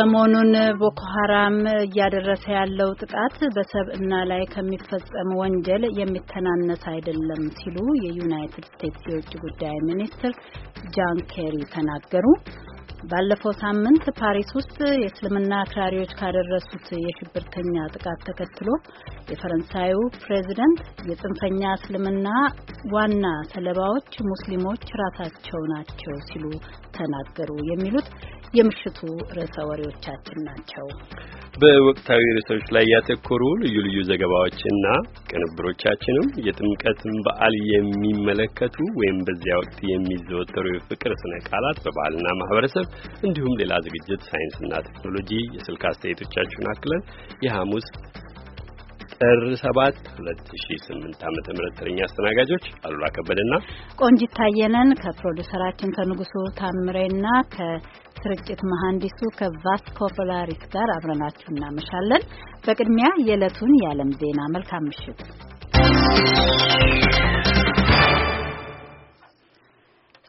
ሰሞኑን ቦኮ ሀራም እያደረሰ ያለው ጥቃት በሰብእና ላይ ከሚፈጸም ወንጀል የሚተናነስ አይደለም ሲሉ የዩናይትድ ስቴትስ የውጭ ጉዳይ ሚኒስትር ጃን ኬሪ ተናገሩ። ባለፈው ሳምንት ፓሪስ ውስጥ የእስልምና አክራሪዎች ካደረሱት የሽብርተኛ ጥቃት ተከትሎ የፈረንሳዩ ፕሬዚደንት የጽንፈኛ እስልምና ዋና ሰለባዎች ሙስሊሞች ራሳቸው ናቸው ሲሉ ተናገሩ የሚሉት የምሽቱ ርዕሰ ወሬዎቻችን ናቸው። በወቅታዊ ርዕሶች ላይ ያተኮሩ ልዩ ልዩ ዘገባዎችና ቅንብሮቻችንም የጥምቀትን በዓል የሚመለከቱ ወይም በዚያ ወቅት የሚዘወተሩ የፍቅር ስነ ቃላት በባህልና ማህበረሰብ እንዲሁም ሌላ ዝግጅት ሳይንስና ቴክኖሎጂ የስልክ አስተያየቶቻችሁን አክለን የሐሙስ ጥር 7 2008 ዓ.ም ተረኛ አስተናጋጆች አሉላ ከበደና ቆንጂት ታየነን ከፕሮዲሰራችን ከንጉሱ ታምሬና ከ ስርጭት መሐንዲሱ ከቫስ ፖላሪስ ጋር አብረናችሁ እናመሻለን። በቅድሚያ የዕለቱን የዓለም ዜና። መልካም ምሽት።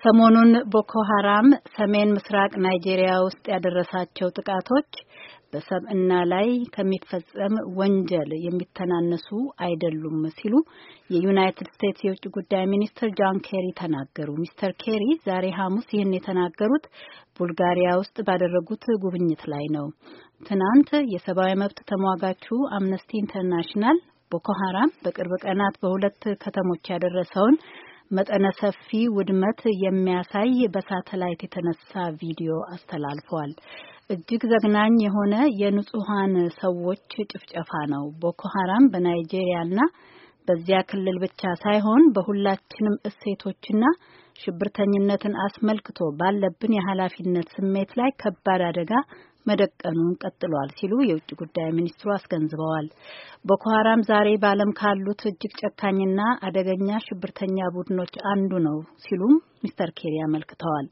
ሰሞኑን ቦኮ ሀራም ሰሜን ምስራቅ ናይጄሪያ ውስጥ ያደረሳቸው ጥቃቶች በሰብእና ላይ ከሚፈጸም ወንጀል የሚተናነሱ አይደሉም ሲሉ የዩናይትድ ስቴትስ የውጭ ጉዳይ ሚኒስትር ጆን ኬሪ ተናገሩ። ሚስተር ኬሪ ዛሬ ሐሙስ ይህን የተናገሩት ቡልጋሪያ ውስጥ ባደረጉት ጉብኝት ላይ ነው። ትናንት የሰብአዊ መብት ተሟጋቹ አምነስቲ ኢንተርናሽናል ቦኮ ሀራም በቅርብ ቀናት በሁለት ከተሞች ያደረሰውን መጠነ ሰፊ ውድመት የሚያሳይ በሳተላይት የተነሳ ቪዲዮ አስተላልፏል። እጅግ ዘግናኝ የሆነ የንጹሀን ሰዎች ጭፍጨፋ ነው። ቦኮ ሀራም በናይጄሪያና በዚያ ክልል ብቻ ሳይሆን በሁላችንም እሴቶችና ሽብርተኝነትን አስመልክቶ ባለብን የኃላፊነት ስሜት ላይ ከባድ አደጋ መደቀኑን ቀጥሏል ሲሉ የውጭ ጉዳይ ሚኒስትሩ አስገንዝበዋል። ቦኮ ሀራም ዛሬ በዓለም ካሉት እጅግ ጨካኝና አደገኛ ሽብርተኛ ቡድኖች አንዱ ነው ሲሉም ሚስተር ኬሪ አመልክተዋል።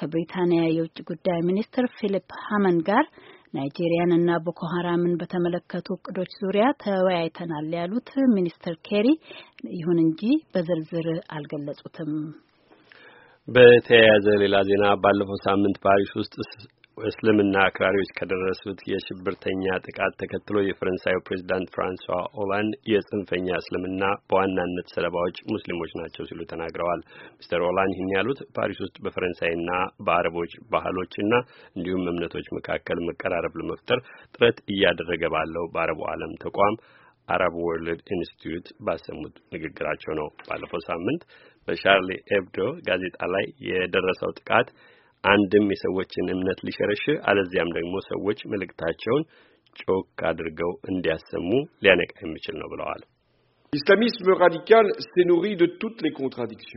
ከብሪታንያ የውጭ ጉዳይ ሚኒስትር ፊሊፕ ሃመን ጋር ናይጄሪያን እና ቦኮ ሀራምን በተመለከቱ እቅዶች ዙሪያ ተወያይተናል ያሉት ሚኒስትር ኬሪ፣ ይሁን እንጂ በዝርዝር አልገለጹትም። በተያያዘ ሌላ ዜና ባለፈው ሳምንት ፓሪስ ውስጥ እስልምና አክራሪዎች ከደረሱት የሽብርተኛ ጥቃት ተከትሎ የፈረንሳዩ ፕሬዚዳንት ፍራንሷ ኦላንድ የጽንፈኛ እስልምና በዋናነት ሰለባዎች ሙስሊሞች ናቸው ሲሉ ተናግረዋል። ሚስተር ኦላንድ ይህን ያሉት ፓሪስ ውስጥ በፈረንሳይና በአረቦች ባህሎችና እንዲሁም እምነቶች መካከል መቀራረብ ለመፍጠር ጥረት እያደረገ ባለው በአረቡ ዓለም ተቋም አረብ ወርልድ ኢንስቲትዩት ባሰሙት ንግግራቸው ነው። ባለፈው ሳምንት በሻርሊ ኤብዶ ጋዜጣ ላይ የደረሰው ጥቃት አንድም የሰዎችን እምነት ሊሸረሽር አለዚያም ደግሞ ሰዎች መልእክታቸውን ጮክ አድርገው እንዲያሰሙ ሊያነቃ የሚችል ነው ብለዋል። ኢስላሚስም ራዲካል ሴኑሪ ደ ቱት ሌ les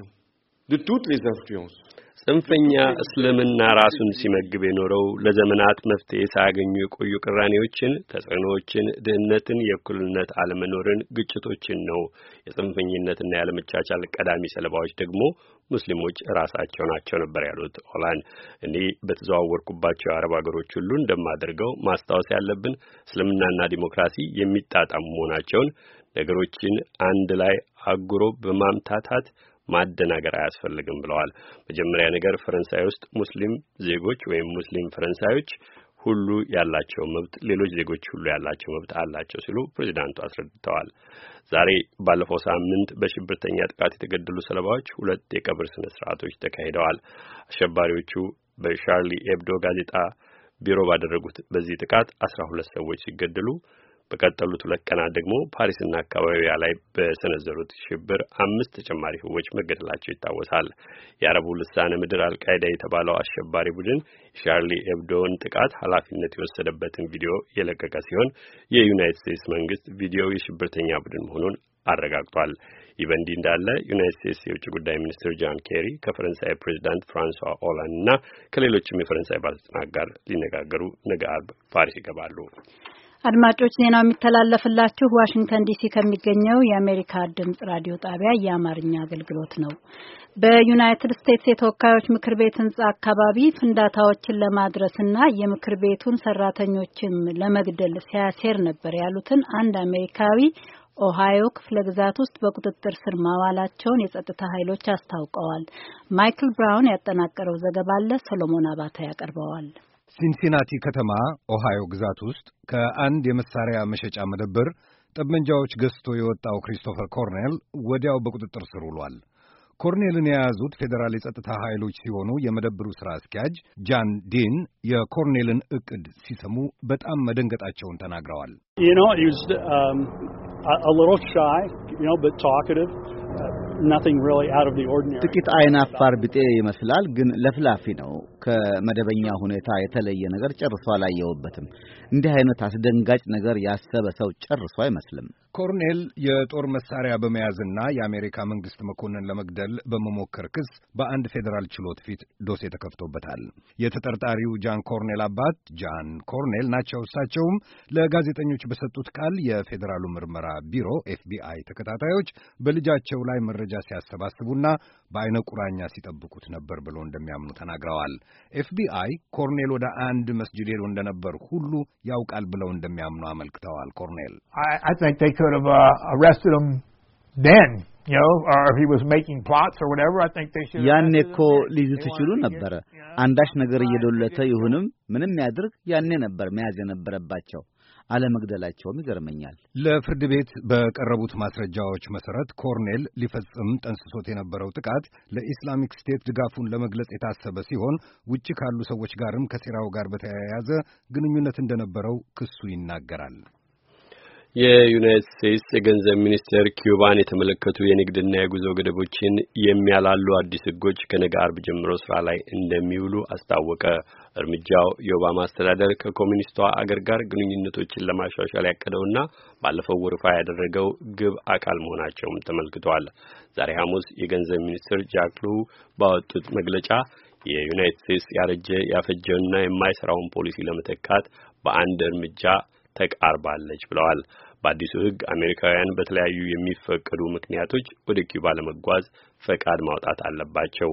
ደ ቱት ሌ ኢንፍሉዌንስ ጽንፈኛ እስልምና ራሱን ሲመግብ የኖረው ለዘመናት መፍትሄ ሳያገኙ የቆዩ ቅራኔዎችን፣ ተጽዕኖዎችን፣ ድህነትን፣ የእኩልነት አለመኖርን፣ ግጭቶችን ነው። የጽንፈኝነትና ያለመቻቻል ቀዳሚ ሰለባዎች ደግሞ ሙስሊሞች ራሳቸው ናቸው ነበር ያሉት ኦላን። እኔ በተዘዋወርኩባቸው የአረብ ሀገሮች ሁሉ እንደማደርገው ማስታወስ ያለብን እስልምናና ዲሞክራሲ የሚጣጣሙ መሆናቸውን ነገሮችን አንድ ላይ አጉሮ በማምታታት ማደናገር አያስፈልግም ብለዋል። መጀመሪያ ነገር ፈረንሳይ ውስጥ ሙስሊም ዜጎች ወይም ሙስሊም ፈረንሳዮች ሁሉ ያላቸው መብት ሌሎች ዜጎች ሁሉ ያላቸው መብት አላቸው ሲሉ ፕሬዚዳንቱ አስረድተዋል። ዛሬ ባለፈው ሳምንት በሽብርተኛ ጥቃት የተገደሉ ሰለባዎች ሁለት የቀብር ስነ ስርዓቶች ተካሂደዋል። አሸባሪዎቹ በሻርሊ ኤብዶ ጋዜጣ ቢሮ ባደረጉት በዚህ ጥቃት አስራ ሁለት ሰዎች ሲገደሉ በቀጠሉት ሁለት ቀናት ደግሞ ፓሪስና አካባቢዋ ላይ በሰነዘሩት ሽብር አምስት ተጨማሪ ህዎች መገደላቸው ይታወሳል። የአረቡ ልሳነ ምድር አልቃይዳ የተባለው አሸባሪ ቡድን ሻርሊ ኤብዶውን ጥቃት ኃላፊነት የወሰደበትን ቪዲዮ የለቀቀ ሲሆን የዩናይትድ ስቴትስ መንግስት ቪዲዮ የሽብርተኛ ቡድን መሆኑን አረጋግጧል። ይህ በእንዲህ እንዳለ ዩናይት ስቴትስ የውጭ ጉዳይ ሚኒስትር ጃን ኬሪ ከፈረንሳይ ፕሬዚዳንት ፍራንሷ ኦላንድ እና ከሌሎችም የፈረንሳይ ባለስልጣናት ጋር ሊነጋገሩ ነገ አርብ ፓሪስ ይገባሉ። አድማጮች ዜናው የሚተላለፍላችሁ ዋሽንግተን ዲሲ ከሚገኘው የአሜሪካ ድምጽ ራዲዮ ጣቢያ የአማርኛ አገልግሎት ነው። በዩናይትድ ስቴትስ የተወካዮች ምክር ቤት ህንጻ አካባቢ ፍንዳታዎችን ለማድረስና የምክር ቤቱን ሰራተኞችም ለመግደል ሲያሴር ነበር ያሉትን አንድ አሜሪካዊ ኦሃዮ ክፍለ ግዛት ውስጥ በቁጥጥር ስር ማዋላቸውን የጸጥታ ኃይሎች አስታውቀዋል። ማይክል ብራውን ያጠናቀረው ዘገባ አለ፣ ሰሎሞን አባተ ያቀርበዋል። ሲንሲናቲ ከተማ ኦሃዮ ግዛት ውስጥ ከአንድ የመሳሪያ መሸጫ መደብር ጠመንጃዎች ገዝቶ የወጣው ክሪስቶፈር ኮርኔል ወዲያው በቁጥጥር ስር ውሏል። ኮርኔልን የያዙት ፌዴራል የጸጥታ ኃይሎች ሲሆኑ የመደብሩ ሥራ አስኪያጅ ጃን ዲን የኮርኔልን ዕቅድ ሲሰሙ በጣም መደንገጣቸውን ተናግረዋል። ጥቂት አይን አፋር ቢጤ ይመስላል፣ ግን ለፍላፊ ነው ከመደበኛ ሁኔታ የተለየ ነገር ጨርሶ አላየውበትም። እንዲህ አይነት አስደንጋጭ ነገር ያሰበ ሰው ጨርሶ አይመስልም። ኮርኔል የጦር መሳሪያ በመያዝና የአሜሪካ መንግስት መኮንን ለመግደል በመሞከር ክስ በአንድ ፌዴራል ችሎት ፊት ዶሴ ተከፍቶበታል። የተጠርጣሪው ጃን ኮርኔል አባት ጃን ኮርኔል ናቸው። እሳቸውም ለጋዜጠኞች በሰጡት ቃል የፌዴራሉ ምርመራ ቢሮ ኤፍቢአይ ተከታታዮች በልጃቸው ላይ መረጃ ሲያሰባስቡና በአይነ ቁራኛ ሲጠብቁት ነበር ብሎ እንደሚያምኑ ተናግረዋል። ኤፍቢአይ ኮርኔል ወደ አንድ መስጂድ ሄዶ እንደነበር ሁሉ ያውቃል ብለው እንደሚያምኑ አመልክተዋል። ኮርኔል uh, ያኔ እኮ ሊይዙት ትችሉ ነበረ። አንዳች ነገር እየዶለተ ይሁንም ምንም ያድርግ፣ ያኔ ነበር መያዝ የነበረባቸው። አለመግደላቸውም ይገርመኛል። ለፍርድ ቤት በቀረቡት ማስረጃዎች መሰረት ኮርኔል ሊፈጽም ጠንስሶት የነበረው ጥቃት ለኢስላሚክ ስቴት ድጋፉን ለመግለጽ የታሰበ ሲሆን ውጭ ካሉ ሰዎች ጋርም ከሴራው ጋር በተያያዘ ግንኙነት እንደነበረው ክሱ ይናገራል። የዩናይትድ ስቴትስ የገንዘብ ሚኒስቴር ኪዩባን የተመለከቱ የንግድና የጉዞ ገደቦችን የሚያላሉ አዲስ ሕጎች ከነገ አርብ ጀምሮ ስራ ላይ እንደሚውሉ አስታወቀ። እርምጃው የኦባማ አስተዳደር ከኮሚኒስቷ አገር ጋር ግንኙነቶችን ለማሻሻል ያቀደውና ባለፈው ወርፋ ያደረገው ግብ አካል መሆናቸውም ተመልክቷል። ዛሬ ሐሙስ የገንዘብ ሚኒስትር ጃክ ሉ ባወጡት መግለጫ የዩናይትድ ስቴትስ ያረጀ ያፈጀውና የማይሰራውን ፖሊሲ ለመተካት በአንድ እርምጃ ተቃርባለች ብለዋል። በአዲሱ ሕግ አሜሪካውያን በተለያዩ የሚፈቀዱ ምክንያቶች ወደ ኪውባ ለመጓዝ ፈቃድ ማውጣት አለባቸው።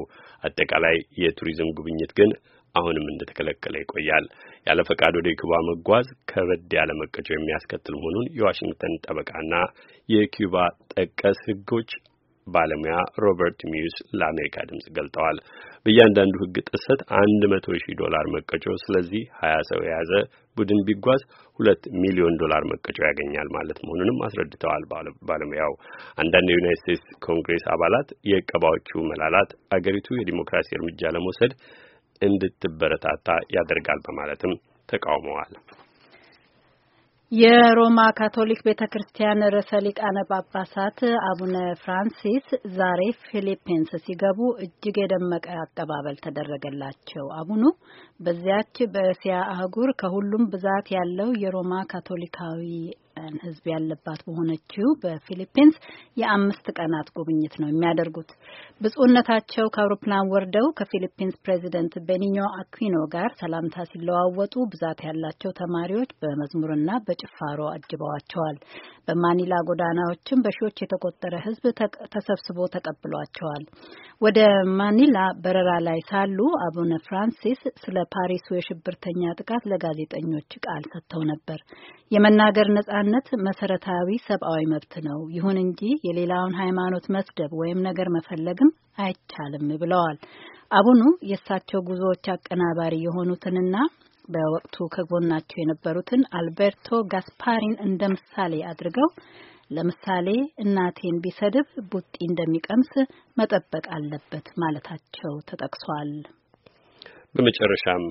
አጠቃላይ የቱሪዝም ጉብኝት ግን አሁንም እንደተከለከለ ይቆያል። ያለ ፈቃድ ወደ ኪውባ መጓዝ ከበድ ያለ መቀጮ የሚያስከትል መሆኑን የዋሽንግተን ጠበቃና የኪዩባ ጠቀስ ሕጎች ባለሙያ ሮበርት ሚውስ ለአሜሪካ ድምጽ ገልጠዋል። በእያንዳንዱ ህግ ጥሰት አንድ መቶ ሺህ ዶላር መቀጮ፣ ስለዚህ ሀያ ሰው የያዘ ቡድን ቢጓዝ ሁለት ሚሊዮን ዶላር መቀጮ ያገኛል ማለት መሆኑንም አስረድተዋል ባለሙያው። አንዳንድ የዩናይት ስቴትስ ኮንግሬስ አባላት የእቀባዎቹ መላላት አገሪቱ የዲሞክራሲ እርምጃ ለመውሰድ እንድትበረታታ ያደርጋል በማለትም ተቃውመዋል። የሮማ ካቶሊክ ቤተ ክርስቲያን ርዕሰ ሊቃነ ጳጳሳት አቡነ ፍራንሲስ ዛሬ ፊሊፒንስ ሲገቡ እጅግ የደመቀ አቀባበል ተደረገላቸው። አቡኑ በዚያች በእስያ አህጉር ከሁሉም ብዛት ያለው የሮማ ካቶሊካዊ ሕዝብ ያለባት በሆነችው በፊሊፒንስ የአምስት ቀናት ጉብኝት ነው የሚያደርጉት። ብፁዕነታቸው ከአውሮፕላን ወርደው ከፊሊፒንስ ፕሬዚደንት ቤኒኞ አኩዊኖ ጋር ሰላምታ ሲለዋወጡ ብዛት ያላቸው ተማሪዎች በመዝሙርና በጭፋሮ አጅበዋቸዋል። በማኒላ ጎዳናዎችም በሺዎች የተቆጠረ ሕዝብ ተሰብስቦ ተቀብሏቸዋል። ወደ ማኒላ በረራ ላይ ሳሉ አቡነ ፍራንሲስ ስለ በፓሪሱ የሽብርተኛ ጥቃት ለጋዜጠኞች ቃል ሰጥተው ነበር። የመናገር ነጻነት መሰረታዊ ሰብአዊ መብት ነው፣ ይሁን እንጂ የሌላውን ሃይማኖት መስደብ ወይም ነገር መፈለግም አይቻልም ብለዋል። አቡኑ የእሳቸው ጉዞዎች አቀናባሪ የሆኑትንና በወቅቱ ከጎናቸው የነበሩትን አልቤርቶ ጋስፓሪን እንደ ምሳሌ አድርገው ለምሳሌ እናቴን ቢሰድብ ቡጢ እንደሚቀምስ መጠበቅ አለበት ማለታቸው ተጠቅሷል። በመጨረሻም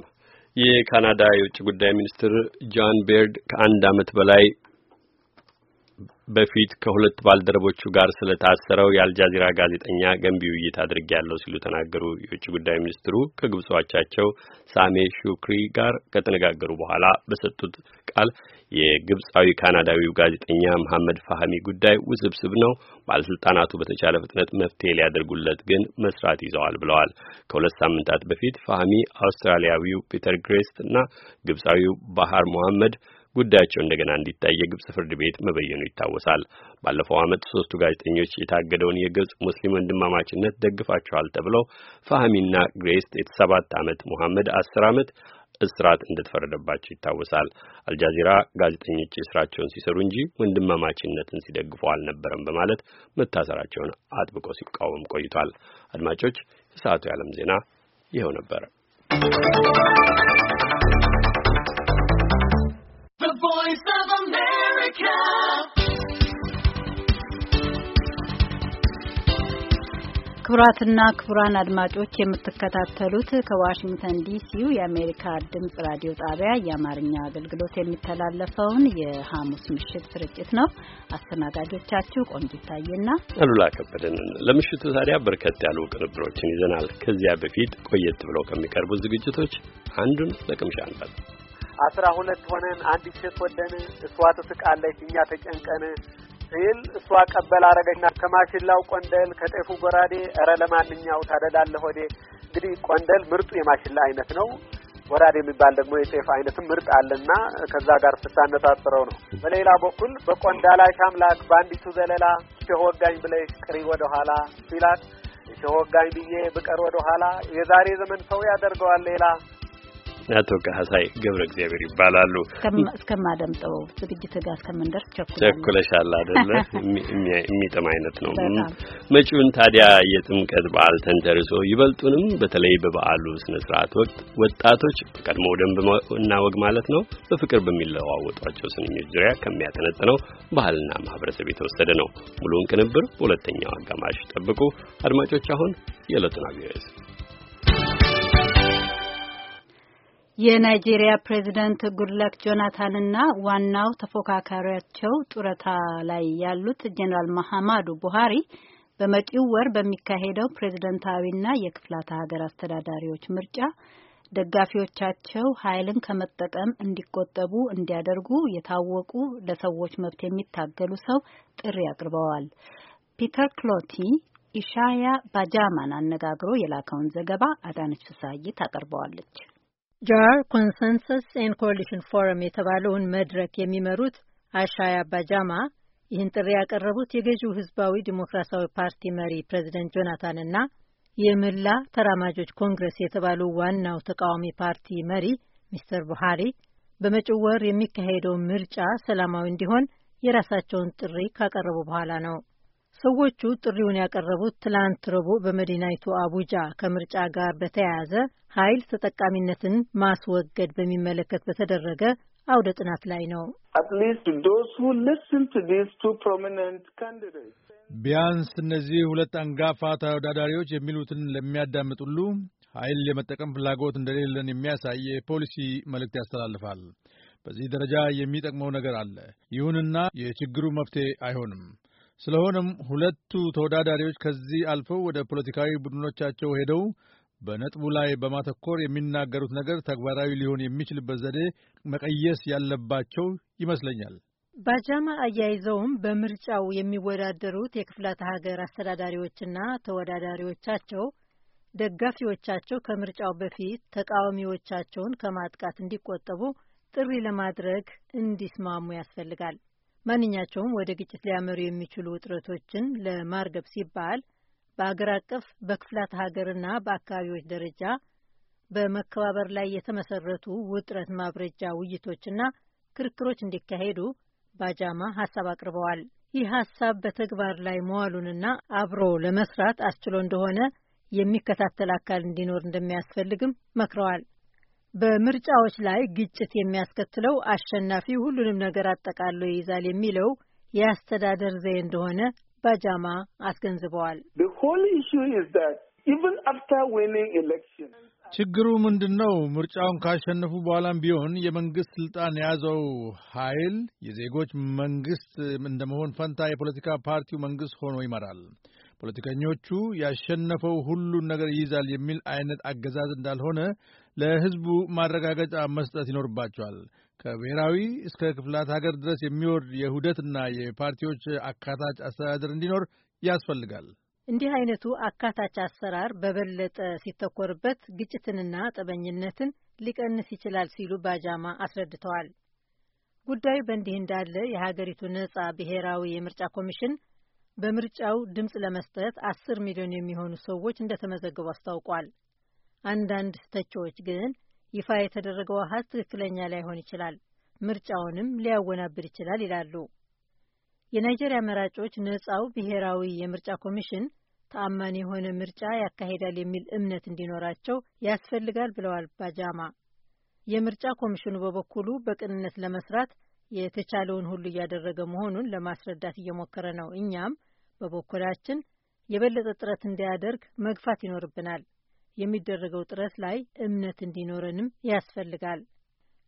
የካናዳ የውጭ ጉዳይ ሚኒስትር ጃን ቤርድ ከአንድ ዓመት በላይ በፊት ከሁለት ባልደረቦቹ ጋር ስለታሰረው የአልጃዚራ ጋዜጠኛ ገንቢ ውይይት ያለው ሲሉ ተናገሩ። የውጭ ጉዳይ ሚኒስትሩ ከግብጽ አቻቸው ሳሜ ሹክሪ ጋር ከተነጋገሩ በኋላ በሰጡት ቃል የግብፃዊ ካናዳዊው ጋዜጠኛ መሐመድ ፋህሚ ጉዳይ ውስብስብ ነው። ባለስልጣናቱ በተቻለ ፍጥነት መፍትሄ ሊያደርጉለት ግን መስራት ይዘዋል ብለዋል። ከሁለት ሳምንታት በፊት ፋህሚ አውስትራሊያዊው ፒተር ግሬስት እና ግብፃዊው ባህር መሐመድ ጉዳያቸው እንደገና እንዲታይ የግብጽ ፍርድ ቤት መበየኑ ይታወሳል። ባለፈው ዓመት ሶስቱ ጋዜጠኞች የታገደውን የግብጽ ሙስሊም ወንድማማችነት ደግፋቸዋል ተብለው ፋህሚና ግሬስት የሰባት ዓመት፣ መሐመድ አስር ዓመት፣ እስራት እንደተፈረደባቸው ይታወሳል። አልጃዚራ ጋዜጠኞች ስራቸውን ሲሰሩ እንጂ ወንድማማችነትን ሲደግፉ አልነበረም በማለት መታሰራቸውን አጥብቆ ሲቃወም ቆይቷል። አድማጮች፣ የሰዓቱ የዓለም ዜና ይኸው ነበር። ክቡራትና ክቡራን አድማጮች የምትከታተሉት ከዋሽንግተን ዲሲው የአሜሪካ ድምጽ ራዲዮ ጣቢያ የአማርኛ አገልግሎት የሚተላለፈውን የሐሙስ ምሽት ስርጭት ነው። አስተናጋጆቻችሁ ቆንጂት ታዬና አሉላ ከበደንን። ለምሽቱ ታዲያ በርከት ያሉ ቅንብሮችን ይዘናል። ከዚያ በፊት ቆየት ብለው ከሚቀርቡ ዝግጅቶች አንዱን ለቅምሻ አንበል። አስራ ሁለት ሆነን አንዲት ሴት ወደን፣ እሷ ትስቃለች፣ እኛ ተጨንቀን ሲል እሷ ቀበል አረገችና ከማሽላው ቆንደል ከጤፉ ጎራዴ እረ ለማንኛው ታደላለህ ሆዴ። እንግዲህ ቆንደል ምርጡ የማሽላ አይነት ነው። ወራዴ የሚባል ደግሞ የጤፍ አይነትም ምርጥ አለና ከዛ ጋር ስታነጻጽረው ነው። በሌላ በኩል በቆንዳላሽ አምላክ በአንዲቱ ዘለላ ሸወጋኝ ብለሽ ቅሪ ወደ ኋላ ሲላት ሸወጋኝ ብዬ ብቀር ወደ ኋላ የዛሬ ዘመን ሰው ያደርገዋል ሌላ አቶ ካህሳይ ገብረ እግዚአብሔር ይባላሉ። እስከማደምጠው ዝግጅት ጋር እስከምንደርስ ቸኩለሻል አይደለ? የሚጥም አይነት ነው። መጪውን ታዲያ የጥምቀት በዓል ተንተርሶ ይበልጡንም በተለይ በበዓሉ ስነ ስርዓት ወቅት ወጣቶች በቀድሞ ደንብ እና ወግ ማለት ነው በፍቅር በሚለዋወጧቸው ስንኞች ዙሪያ ከሚያጠነጥነው ባህልና ማህበረሰብ የተወሰደ ነው። ሙሉውን ቅንብር በሁለተኛው አጋማሽ ጠብቁ አድማጮች። አሁን የዕለቱን አብዮዝ የናይጄሪያ ፕሬዚደንት ጉድለክ ጆናታንና ዋናው ተፎካካሪያቸው ጡረታ ላይ ያሉት ጄኔራል መሐማዱ ቡሃሪ በመጪው ወር በሚካሄደው ፕሬዝደንታዊና የክፍላተ ሀገር አስተዳዳሪዎች ምርጫ ደጋፊዎቻቸው ኃይልን ከመጠቀም እንዲቆጠቡ እንዲያደርጉ የታወቁ ለሰዎች መብት የሚታገሉ ሰው ጥሪ አቅርበዋል። ፒተር ክሎቲ ኢሻያ ባጃማን አነጋግሮ የላከውን ዘገባ አዳነች ሳይት ታቀርበዋለች። ጃር ኮንሰንሰስ ኤን ኮሊሽን ፎረም የተባለውን መድረክ የሚመሩት አሻያ ባጃማ ይህን ጥሪ ያቀረቡት የገዢው ህዝባዊ ዲሞክራሲያዊ ፓርቲ መሪ ፕሬዚደንት ጆናታንና የምላ ተራማጆች ኮንግረስ የተባሉ ዋናው ተቃዋሚ ፓርቲ መሪ ሚስተር ቡሃሪ በመጪው ወር የሚካሄደው ምርጫ ሰላማዊ እንዲሆን የራሳቸውን ጥሪ ካቀረቡ በኋላ ነው። ሰዎቹ ጥሪውን ያቀረቡት ትላንት ረቡዕ በመዲናይቱ አቡጃ ከምርጫ ጋር በተያያዘ ኃይል ተጠቃሚነትን ማስወገድ በሚመለከት በተደረገ አውደ ጥናት ላይ ነው። ቢያንስ እነዚህ ሁለት አንጋፋ ተወዳዳሪዎች የሚሉትን ለሚያዳምጥ ሁሉ ኃይል የመጠቀም ፍላጎት እንደሌለን የሚያሳይ የፖሊሲ መልእክት ያስተላልፋል። በዚህ ደረጃ የሚጠቅመው ነገር አለ። ይሁንና የችግሩ መፍትሄ አይሆንም። ስለሆነም ሁለቱ ተወዳዳሪዎች ከዚህ አልፈው ወደ ፖለቲካዊ ቡድኖቻቸው ሄደው በነጥቡ ላይ በማተኮር የሚናገሩት ነገር ተግባራዊ ሊሆን የሚችልበት ዘዴ መቀየስ ያለባቸው ይመስለኛል። ባጃማ አያይዘውም በምርጫው የሚወዳደሩት የክፍላተ ሀገር አስተዳዳሪዎችና ተወዳዳሪዎቻቸው ደጋፊዎቻቸው ከምርጫው በፊት ተቃዋሚዎቻቸውን ከማጥቃት እንዲቆጠቡ ጥሪ ለማድረግ እንዲስማሙ ያስፈልጋል። ማንኛቸውም ወደ ግጭት ሊያመሩ የሚችሉ ውጥረቶችን ለማርገብ ሲባል በአገር አቀፍ በክፍላተ ሀገርና በአካባቢዎች ደረጃ በመከባበር ላይ የተመሰረቱ ውጥረት ማብረጃ ውይይቶችና ክርክሮች እንዲካሄዱ ባጃማ ሀሳብ አቅርበዋል። ይህ ሀሳብ በተግባር ላይ መዋሉንና አብሮ ለመስራት አስችሎ እንደሆነ የሚከታተል አካል እንዲኖር እንደሚያስፈልግም መክረዋል። በምርጫዎች ላይ ግጭት የሚያስከትለው አሸናፊ ሁሉንም ነገር አጠቃሎ ይይዛል የሚለው የአስተዳደር ዘዬ እንደሆነ ባጃማ አስገንዝበዋል። ችግሩ ምንድን ነው? ምርጫውን ካሸነፉ በኋላም ቢሆን የመንግስት ስልጣን የያዘው ኃይል የዜጎች መንግስት እንደመሆን ፈንታ የፖለቲካ ፓርቲው መንግስት ሆኖ ይመራል። ፖለቲከኞቹ ያሸነፈው ሁሉን ነገር ይይዛል የሚል አይነት አገዛዝ እንዳልሆነ ለህዝቡ ማረጋገጫ መስጠት ይኖርባቸዋል። ከብሔራዊ እስከ ክፍላት ሀገር ድረስ የሚወርድ የውህደትና የፓርቲዎች አካታች አስተዳደር እንዲኖር ያስፈልጋል። እንዲህ አይነቱ አካታች አሰራር በበለጠ ሲተኮርበት ግጭትንና ጠበኝነትን ሊቀንስ ይችላል ሲሉ ባጃማ አስረድተዋል። ጉዳዩ በእንዲህ እንዳለ የሀገሪቱ ነጻ ብሔራዊ የምርጫ ኮሚሽን በምርጫው ድምፅ ለመስጠት አስር ሚሊዮን የሚሆኑ ሰዎች እንደተመዘገቡ አስታውቋል። አንዳንድ ተቺዎች ግን ይፋ የተደረገው አሀዝ ትክክለኛ ላይሆን ይችላል፣ ምርጫውንም ሊያወናብድ ይችላል ይላሉ። የናይጄሪያ መራጮች ነጻው ብሔራዊ የምርጫ ኮሚሽን ተአማኒ የሆነ ምርጫ ያካሂዳል የሚል እምነት እንዲኖራቸው ያስፈልጋል ብለዋል ባጃማ። የምርጫ ኮሚሽኑ በበኩሉ በቅንነት ለመስራት የተቻለውን ሁሉ እያደረገ መሆኑን ለማስረዳት እየሞከረ ነው። እኛም በበኩላችን የበለጠ ጥረት እንዲያደርግ መግፋት ይኖርብናል። የሚደረገው ጥረት ላይ እምነት እንዲኖረንም ያስፈልጋል።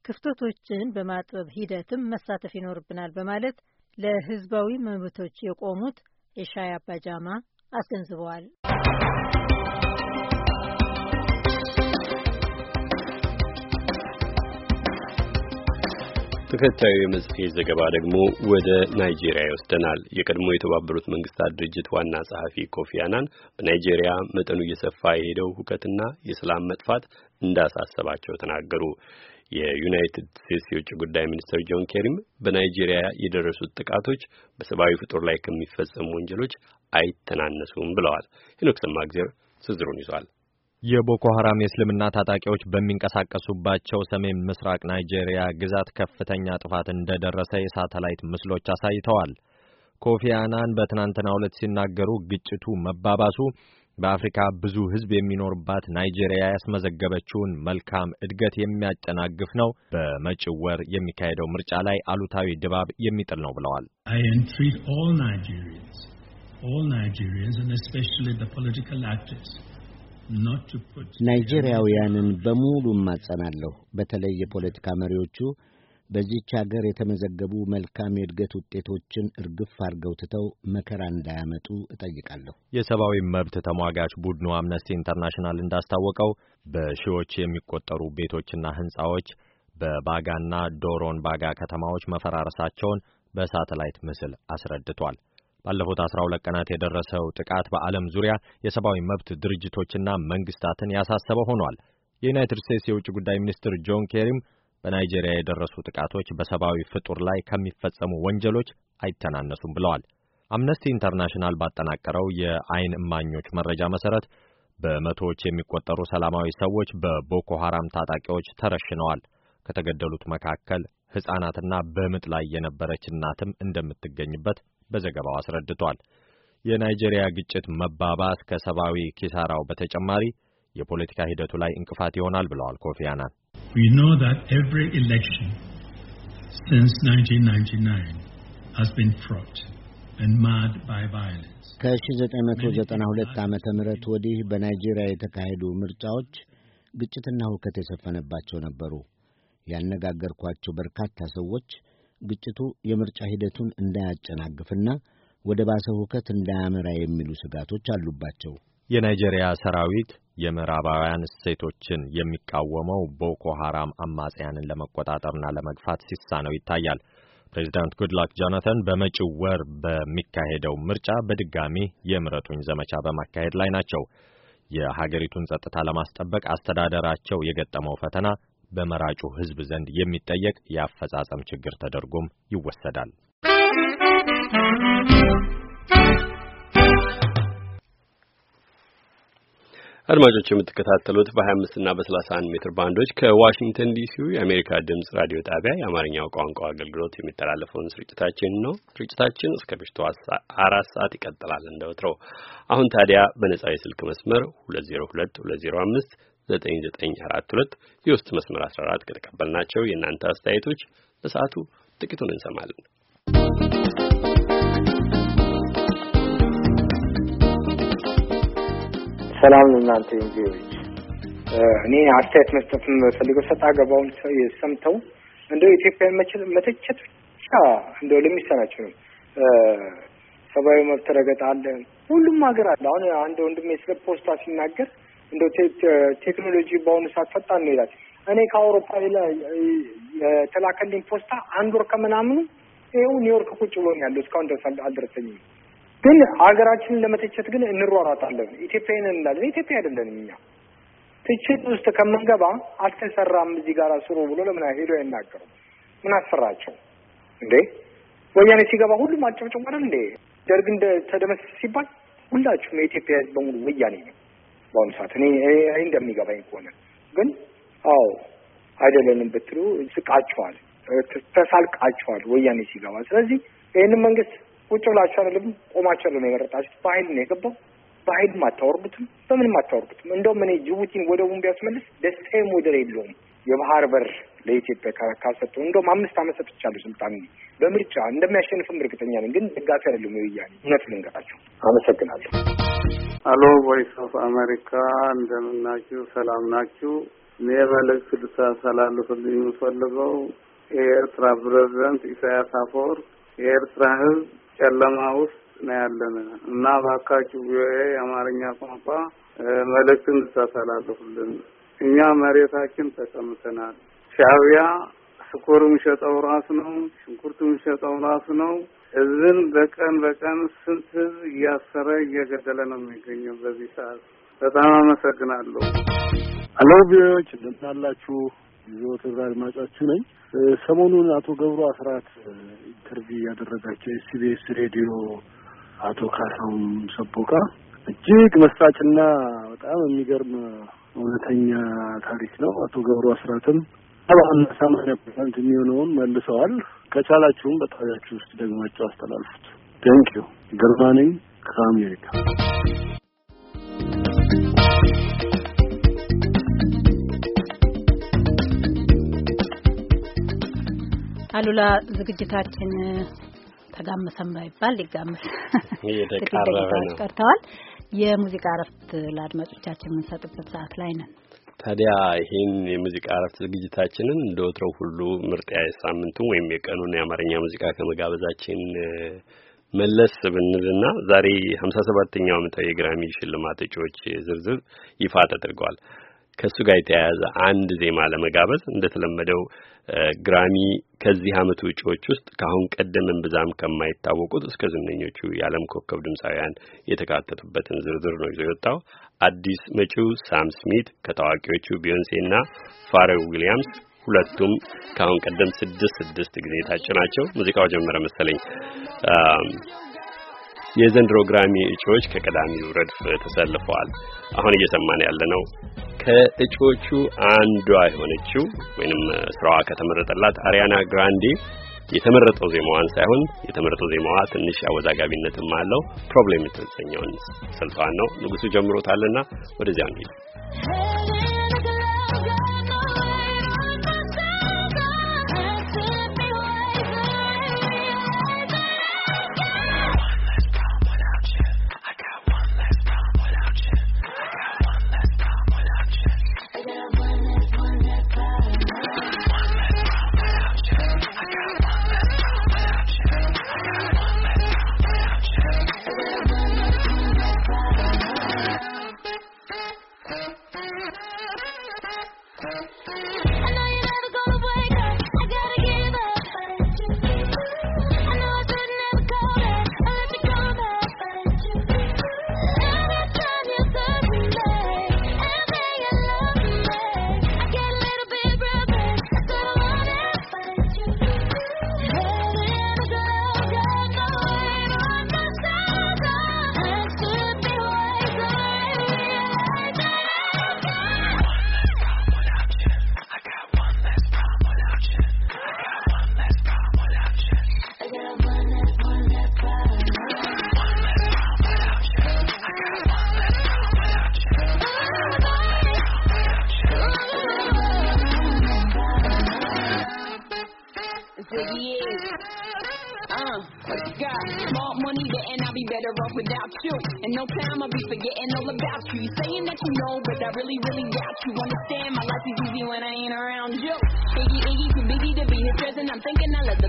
ክፍተቶችን በማጥበብ ሂደትም መሳተፍ ይኖርብናል በማለት ለህዝባዊ መብቶች የቆሙት የሻይ አባጃማ አስገንዝበዋል። ተከታዩ የመጽሔት ዘገባ ደግሞ ወደ ናይጄሪያ ይወስደናል። የቀድሞ የተባበሩት መንግስታት ድርጅት ዋና ጸሐፊ ኮፊ አናን በናይጄሪያ መጠኑ እየሰፋ የሄደው ሁከትና የሰላም መጥፋት እንዳሳሰባቸው ተናገሩ። የዩናይትድ ስቴትስ የውጭ ጉዳይ ሚኒስትር ጆን ኬሪም በናይጄሪያ የደረሱት ጥቃቶች በሰብአዊ ፍጡር ላይ ከሚፈጸሙ ወንጀሎች አይተናነሱም ብለዋል። ሄኖክ ሰማግዜር ዝርዝሩን ይዟል። የቦኮ ሐራም የእስልምና ታጣቂዎች በሚንቀሳቀሱባቸው ሰሜን ምስራቅ ናይጄሪያ ግዛት ከፍተኛ ጥፋት እንደደረሰ የሳተላይት ምስሎች አሳይተዋል። ኮፊ አናን በትናንትናው ዕለት ሲናገሩ ግጭቱ መባባሱ በአፍሪካ ብዙ ሕዝብ የሚኖርባት ናይጄሪያ ያስመዘገበችውን መልካም እድገት የሚያጨናግፍ ነው፣ በመጪው ወር የሚካሄደው ምርጫ ላይ አሉታዊ ድባብ የሚጥል ነው ብለዋል። ናይጄሪያውያንን በሙሉ እማጸናለሁ። በተለይ የፖለቲካ መሪዎቹ በዚች አገር የተመዘገቡ መልካም የእድገት ውጤቶችን እርግፍ አድርገው ትተው መከራ እንዳያመጡ እጠይቃለሁ። የሰብአዊ መብት ተሟጋች ቡድኑ አምነስቲ ኢንተርናሽናል እንዳስታወቀው በሺዎች የሚቆጠሩ ቤቶችና ሕንጻዎች በባጋና ዶሮን ባጋ ከተማዎች መፈራረሳቸውን በሳተላይት ምስል አስረድቷል። ባለፉት 12 ቀናት የደረሰው ጥቃት በዓለም ዙሪያ የሰብአዊ መብት ድርጅቶችና መንግስታትን ያሳሰበ ሆኗል። የዩናይትድ ስቴትስ የውጭ ጉዳይ ሚኒስትር ጆን ኬሪም በናይጄሪያ የደረሱ ጥቃቶች በሰብአዊ ፍጡር ላይ ከሚፈጸሙ ወንጀሎች አይተናነሱም ብለዋል። አምነስቲ ኢንተርናሽናል ባጠናቀረው የአይን እማኞች መረጃ መሰረት በመቶዎች የሚቆጠሩ ሰላማዊ ሰዎች በቦኮ ሐራም ታጣቂዎች ተረሽነዋል። ከተገደሉት መካከል ሕፃናትና በምጥ ላይ የነበረች እናትም እንደምትገኝበት በዘገባው አስረድቷል። የናይጄሪያ ግጭት መባባስ ከሰብአዊ ኪሳራው በተጨማሪ የፖለቲካ ሂደቱ ላይ እንቅፋት ይሆናል ብለዋል ኮፊ አናን። We know that every election since 1999 has been fraught and marred by violence. ከ1992 ዓመተ ምህረት ወዲህ በናይጄሪያ የተካሄዱ ምርጫዎች ግጭትና ሁከት የሰፈነባቸው ነበሩ። ያነጋገርኳቸው በርካታ ሰዎች ግጭቱ የምርጫ ሂደቱን እንዳያጨናግፍና ወደ ባሰ ሁከት እንዳያመራ የሚሉ ስጋቶች አሉባቸው። የናይጄሪያ ሰራዊት የምዕራባውያን እሴቶችን የሚቃወመው ቦኮ ሐራም አማጽያንን ለመቆጣጠርና ለመግፋት ሲሳነው ይታያል። ፕሬዚዳንት ጉድላክ ጆናተን በመጪው ወር በሚካሄደው ምርጫ በድጋሚ የምረጡኝ ዘመቻ በማካሄድ ላይ ናቸው። የሀገሪቱን ጸጥታ ለማስጠበቅ አስተዳደራቸው የገጠመው ፈተና በመራጩ ህዝብ ዘንድ የሚጠየቅ የአፈጻጸም ችግር ተደርጎም ይወሰዳል። አድማጮች የምትከታተሉት በ25 እና በ31 ሜትር ባንዶች ከዋሽንግተን ዲሲ የአሜሪካ ድምጽ ራዲዮ ጣቢያ የአማርኛው ቋንቋ አገልግሎት የሚተላለፈውን ስርጭታችን ነው። ስርጭታችን እስከ ምሽቱ አራት ሰዓት ይቀጥላል። እንደወትሮው አሁን ታዲያ በነጻው የስልክ መስመር 202 205 0994 የውስጥ መስመር 14 ከተቀበልናቸው የእናንተ አስተያየቶች በሰዓቱ ጥቂቱን እንሰማለን። ሰላም እናንተ ኢንጂዎች እኔ አስተያየት መስጠት የምፈልገው ሰጣ ገባውን ሰምተው እንደው ኢትዮጵያ መተቸት ብቻ እንደው ለሚሰራቸው ሰብአዊ መብት ረገጣ አለ፣ ሁሉም ሀገር አለ። አሁን አንድ ወንድሜ ስለ ፖስታ ሲናገር እንደ ቴክኖሎጂ በአሁኑ ሰዓት ፈጣን ነው ይላል። እኔ ከአውሮፓ የተላከልኝ ፖስታ አንድ ወር ከምናምኑ ይኸው ኒውዮርክ ቁጭ ብሎ ነው ያለው። እስካሁን ድረስ አልደረሰኝም። ግን ሀገራችንን ለመተቸት ግን እንሯሯጣለን። ኢትዮጵያን እንላለን። ኢትዮጵያ አይደለንም እኛ። ትችት ውስጥ ከምንገባ አልተሰራም እዚህ ጋር ስሩ ብሎ ለምን ሄዶ አይናገሩም? ምን አሰራቸው እንዴ? ወያኔ ሲገባ ሁሉም አጨብጭቧል እንዴ? ደርግ እንደ ተደመሰሰ ሲባል ሁላችሁም የኢትዮጵያ ሕዝብ በሙሉ ወያኔ ነው። በአሁኑ ሰዓት እኔ እንደሚገባኝ ከሆነ ግን አዎ አይደለንም ብትሉ ስቃችኋል፣ ተሳልቃችኋል ወያኔ ሲገባ። ስለዚህ ይህንን መንግስት ቁጭ ብላችሁ አይደለም ቆማችሁ አይደለም የመረጣችሁት፣ በኃይል ነው የገባው። በኃይልም አታወርዱትም፣ በምንም አታወርዱትም። እንደውም እኔ ጅቡቲን ወደቡን ቢያስመልስ ደስታዬ ወደር የለውም። የባህር በር ለኢትዮጵያ ካልሰጡ እንደውም አምስት ዓመት ሰጥቻለሁ ስልጣን በምርጫ እንደሚያሸንፍም እርግጠኛ ነኝ። ግን ደጋፊ አይደለም የወያኔ እውነት ልንገራቸው። አመሰግናለሁ። አሎ ቮይስ ኦፍ አሜሪካ እንደምናችሁ፣ ሰላም ናችሁ? እኔ መልእክት ልታስተላልፍልኝ የምፈልገው የኤርትራ ፕሬዚደንት ኢሳያስ አፈወርቅ የኤርትራ ህዝብ ጨለማ ውስጥ ነው ያለን እና ባካችሁ ቪኦኤ የአማርኛ ቋንቋ መልእክት እንድታስተላልፉልን እኛ መሬታችን ተቀምተናል። ሻቢያ ስኮር የሚሸጠው ራስ ነው፣ ሽንኩርት የሚሸጠው ራስ ነው። እዝን በቀን በቀን ስንት ህዝብ እያሰረ እየገደለ ነው የሚገኘው በዚህ ሰዓት። በጣም አመሰግናለሁ። አሎ ቢዎች እንደምን አላችሁ? የዘወትር አድማጫችሁ ነኝ። ሰሞኑን አቶ ገብሩ አስራት ኢንተርቪው ያደረጋቸው ኤስቢኤስ ሬዲዮ አቶ ካሳሁን ሰቦቃ እጅግ መስራችና በጣም የሚገርም እውነተኛ ታሪክ ነው። አቶ ገብሩ አስራትም ሰባና ሰማንያ ፐርሰንት የሚሆነውን መልሰዋል። ከቻላችሁም በጣቢያችሁ ውስጥ ደግማቸው አስተላልፉት። ቴንክ ዩ። ግርማ ነኝ ከአሜሪካ። አሉላ ዝግጅታችን ተጋመሰም ባይባል ሊጋመስ ቀርተዋል። የሙዚቃ እረፍት ለአድማጮቻችን የምንሰጥበት ሰዓት ላይ ነን። ታዲያ ይህን የሙዚቃ እረፍት ዝግጅታችንን እንደ ወትረው ሁሉ ምርጥ ሳምንቱን ወይም የቀኑን የአማርኛ ሙዚቃ ከመጋበዛችን መለስ ብንልና ዛሬ ሀምሳ ሰባተኛው ዓመታዊ የግራሚ ሽልማት እጩዎች ዝርዝር ይፋ ተደርገዋል። ከእሱ ጋር የተያያዘ አንድ ዜማ ለመጋበዝ እንደተለመደው ግራሚ ከዚህ ዓመቱ እጩዎች ውስጥ ከአሁን ቀደም እንብዛም ከማይታወቁት እስከ ዝነኞቹ የዓለም ኮከብ ድምፃውያን የተካተቱበትን ዝርዝር ነው ይዞ የወጣው። አዲስ መጪው ሳም ስሚት ከታዋቂዎቹ ቢዮንሴ እና ፋሬው ዊሊያምስ ሁለቱም ከአሁን ቀደም ስድስት ስድስት ጊዜ የታጩ ናቸው። ሙዚቃው ጀመረ መሰለኝ። የዘንድሮ ግራሚ እጩዎች ከቀዳሚው ረድፍ ተሰልፈዋል። አሁን እየሰማን ያለ ነው ከእጩዎቹ አንዷ የሆነችው ወይንም ስራዋ ከተመረጠላት አሪያና ግራንዴ የተመረጠው ዜማዋን ሳይሆን የተመረጠው ዜማዋ ትንሽ አወዛጋቢነትም አለው። ፕሮብሌም የተሰኘውን ስልቷን ነው ንጉሱ ጀምሮታልና ወደዚያ እንሂድ።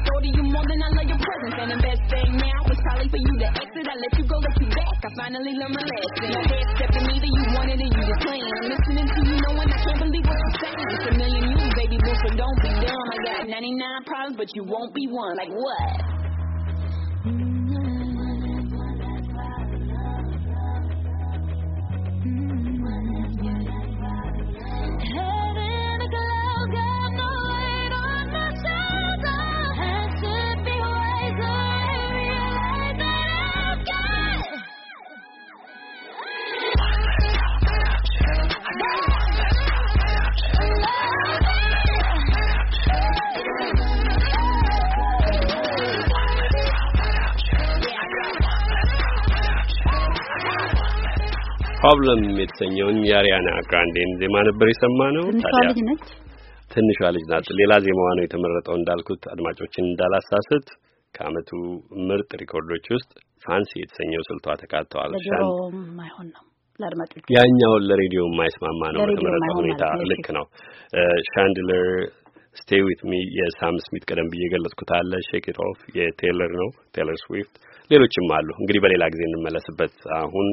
thought of you more than I love your presence. And the best thing now was probably for you to exit. I let you go, let you back. I finally learned my lesson. I had stepping either you wanted it, you just playing. I'm listening to you knowing I can't believe what you're saying. It's a million you, baby boo, so don't be dumb. I got 99 problems, but you won't be one. Like what? Mm-hmm. ፕሮብለም የተሰኘውን የአሪያና ግራንዴን ዜማ ነበር የሰማ ነው። ትንሿ ልጅ ናት። ሌላ ዜማዋ ነው የተመረጠው። እንዳልኩት አድማጮችን እንዳላሳስት ከአመቱ ምርጥ ሪኮርዶች ውስጥ ፋንሲ የተሰኘው ስልቷ ተካተዋል። ያኛውን ለሬዲዮ የማይስማማ ነው በተመረጠ ሁኔታ ልክ ነው። ሻንድለር ስቴይ ዊት ሚ የሳም ስሚት ቀደም ብዬ ገለጽኩት አለ። ሼክ ኢት ኦፍ የቴይለር ነው ቴይለር ስዊፍት ሌሎችም አሉ። እንግዲህ በሌላ ጊዜ እንመለስበት። አሁን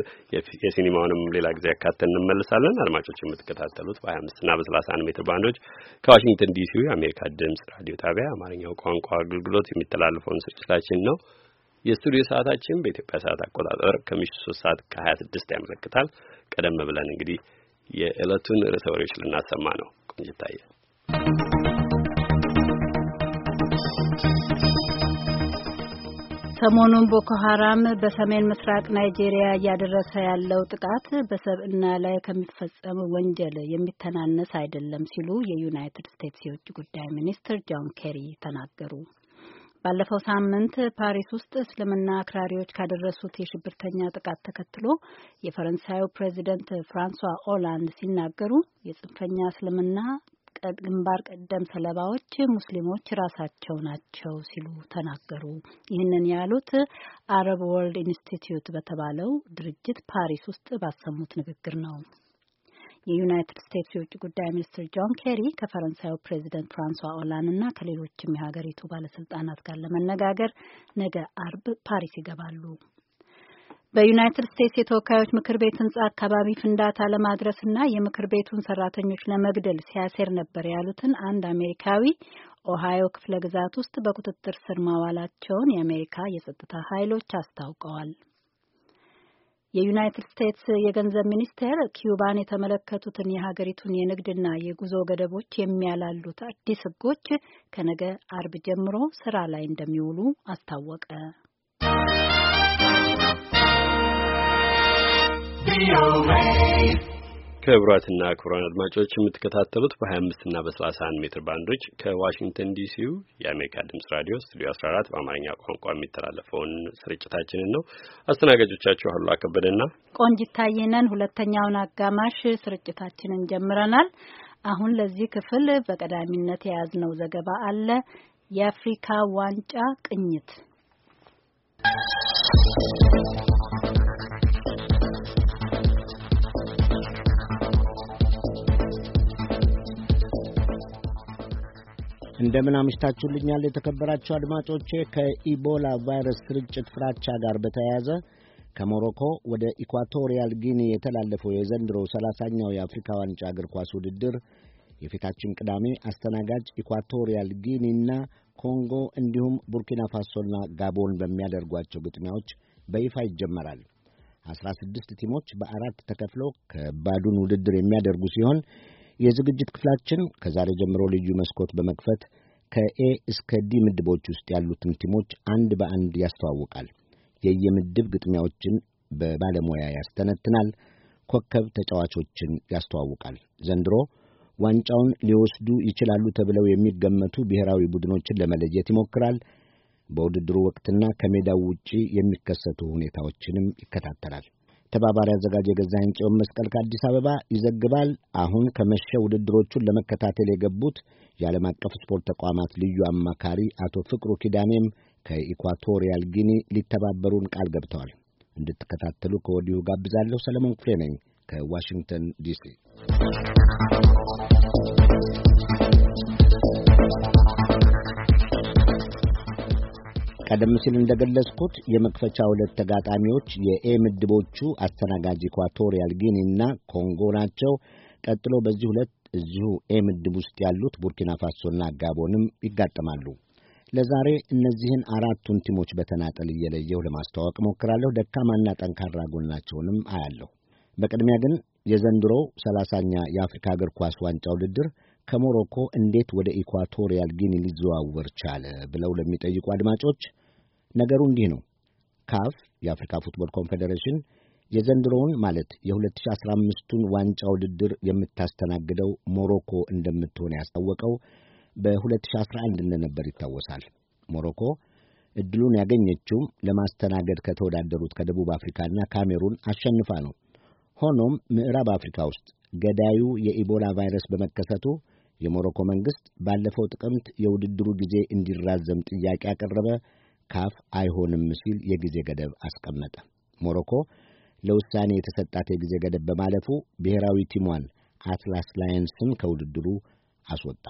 የሲኒማውንም ሌላ ጊዜ ያካተን እንመለሳለን አድማጮች የምትከታተሉት በ25 እና በ31 ሜትር ባንዶች ከዋሽንግተን ዲሲ የአሜሪካ ድምጽ ራዲዮ ጣቢያ አማርኛው ቋንቋ አገልግሎት የሚተላለፈውን ስርጭታችን ነው። የስቱዲዮ ሰዓታችን በኢትዮጵያ ሰዓት አቆጣጠር ከምሽቱ 3 ሰዓት ከ26 ያመለክታል። ቀደም ብለን እንግዲህ የዕለቱን ርዕሰ ወሬዎች ልናሰማ ነው ቆንጅታየ ሰሞኑን ቦኮ ሀራም በሰሜን ምስራቅ ናይጄሪያ እያደረሰ ያለው ጥቃት በሰብዕና ላይ ከሚፈጸም ወንጀል የሚተናነስ አይደለም ሲሉ የዩናይትድ ስቴትስ የውጭ ጉዳይ ሚኒስትር ጆን ኬሪ ተናገሩ። ባለፈው ሳምንት ፓሪስ ውስጥ እስልምና አክራሪዎች ካደረሱት የሽብርተኛ ጥቃት ተከትሎ የፈረንሳዩ ፕሬዚደንት ፍራንሷ ኦላንድ ሲናገሩ የጽንፈኛ እስልምና ግንባር ቀደም ሰለባዎች ሙስሊሞች ራሳቸው ናቸው ሲሉ ተናገሩ። ይህንን ያሉት አረብ ወርልድ ኢንስቲትዩት በተባለው ድርጅት ፓሪስ ውስጥ ባሰሙት ንግግር ነው። የዩናይትድ ስቴትስ የውጭ ጉዳይ ሚኒስትር ጆን ኬሪ ከፈረንሳዩ ፕሬዚደንት ፍራንሷ ኦላንድ እና ከሌሎችም የሀገሪቱ ባለስልጣናት ጋር ለመነጋገር ነገ አርብ ፓሪስ ይገባሉ። በዩናይትድ ስቴትስ የተወካዮች ምክር ቤት ህንጻ አካባቢ ፍንዳታ ለማድረስና የምክር ቤቱን ሰራተኞች ለመግደል ሲያሴር ነበር ያሉትን አንድ አሜሪካዊ ኦሃዮ ክፍለ ግዛት ውስጥ በቁጥጥር ስር ማዋላቸውን የአሜሪካ የጸጥታ ኃይሎች አስታውቀዋል። የዩናይትድ ስቴትስ የገንዘብ ሚኒስቴር ኪዩባን የተመለከቱትን የሀገሪቱን የንግድና የጉዞ ገደቦች የሚያላሉት አዲስ ህጎች ከነገ አርብ ጀምሮ ስራ ላይ እንደሚውሉ አስታወቀ። ክቡራትና ክቡራን አድማጮች የምትከታተሉት በ25 እና በ31 ሜትር ባንዶች ከዋሽንግተን ዲሲው የአሜሪካ ድምጽ ራዲዮ ስቱዲዮ 14 በአማርኛ ቋንቋ የሚተላለፈውን ስርጭታችንን ነው። አስተናጋጆቻችሁ አሉ አከበደና ቆንጂት ሁለተኛውን አጋማሽ ስርጭታችንን ጀምረናል። አሁን ለዚህ ክፍል በቀዳሚነት የያዝነው ዘገባ አለ። የአፍሪካ ዋንጫ ቅኝት እንደምን አምሽታችሁልኛል የተከበራችሁ አድማጮቼ። ከኢቦላ ቫይረስ ስርጭት ፍራቻ ጋር በተያያዘ ከሞሮኮ ወደ ኢኳቶሪያል ጊኒ የተላለፈው የዘንድሮ ሰላሳኛው የአፍሪካ ዋንጫ እግር ኳስ ውድድር የፊታችን ቅዳሜ አስተናጋጅ ኢኳቶሪያል ጊኒና ኮንጎ እንዲሁም ቡርኪና ፋሶና ጋቦን በሚያደርጓቸው ግጥሚያዎች በይፋ ይጀመራል። አስራ ስድስት ቲሞች በአራት ተከፍለው ከባዱን ውድድር የሚያደርጉ ሲሆን የዝግጅት ክፍላችን ከዛሬ ጀምሮ ልዩ መስኮት በመክፈት ከኤ እስከ ዲ ምድቦች ውስጥ ያሉትን ቲሞች አንድ በአንድ ያስተዋውቃል። የየምድብ ግጥሚያዎችን በባለሙያ ያስተነትናል። ኮከብ ተጫዋቾችን ያስተዋውቃል። ዘንድሮ ዋንጫውን ሊወስዱ ይችላሉ ተብለው የሚገመቱ ብሔራዊ ቡድኖችን ለመለየት ይሞክራል። በውድድሩ ወቅትና ከሜዳው ውጪ የሚከሰቱ ሁኔታዎችንም ይከታተላል። ተባባሪ አዘጋጅ የገዛኸኝ ጽዮን መስቀል ከአዲስ አበባ ይዘግባል። አሁን ከመሸ ውድድሮቹን ለመከታተል የገቡት የዓለም አቀፍ ስፖርት ተቋማት ልዩ አማካሪ አቶ ፍቅሩ ኪዳኔም ከኢኳቶሪያል ጊኒ ሊተባበሩን ቃል ገብተዋል። እንድትከታተሉ ከወዲሁ ጋብዛለሁ። ሰለሞን ክፍሌ ነኝ ከዋሽንግተን ዲሲ። ቀደም ሲል እንደገለጽኩት የመክፈቻ ሁለት ተጋጣሚዎች የኤ ምድቦቹ አስተናጋጅ ኢኳቶሪያል ጊኒ እና ኮንጎ ናቸው። ቀጥሎ በዚህ ሁለት እዚሁ ኤ ምድብ ውስጥ ያሉት ቡርኪና ፋሶና ጋቦንም ይጋጠማሉ። ለዛሬ እነዚህን አራቱን ቲሞች በተናጠል እየለየሁ ለማስተዋወቅ እሞክራለሁ። ደካማና ጠንካራ ጎናቸውንም አያለሁ። በቅድሚያ ግን የዘንድሮው ሰላሳኛ የአፍሪካ እግር ኳስ ዋንጫ ውድድር ከሞሮኮ እንዴት ወደ ኢኳቶሪያል ጊኒ ሊዘዋወር ቻለ ብለው ለሚጠይቁ አድማጮች ነገሩ እንዲህ ነው። ካፍ የአፍሪካ ፉትቦል ኮንፌዴሬሽን የዘንድሮውን ማለት የ2015ቱን ዋንጫ ውድድር የምታስተናግደው ሞሮኮ እንደምትሆን ያስታወቀው በ2011 እንደነበር ይታወሳል። ሞሮኮ እድሉን ያገኘችውም ለማስተናገድ ከተወዳደሩት ከደቡብ አፍሪካና ካሜሩን አሸንፋ ነው። ሆኖም ምዕራብ አፍሪካ ውስጥ ገዳዩ የኢቦላ ቫይረስ በመከሰቱ የሞሮኮ መንግሥት ባለፈው ጥቅምት የውድድሩ ጊዜ እንዲራዘም ጥያቄ አቀረበ። ካፍ አይሆንም ሲል የጊዜ ገደብ አስቀመጠ። ሞሮኮ ለውሳኔ የተሰጣት የጊዜ ገደብ በማለፉ ብሔራዊ ቲሟን አትላስ ላየንስን ከውድድሩ አስወጣ።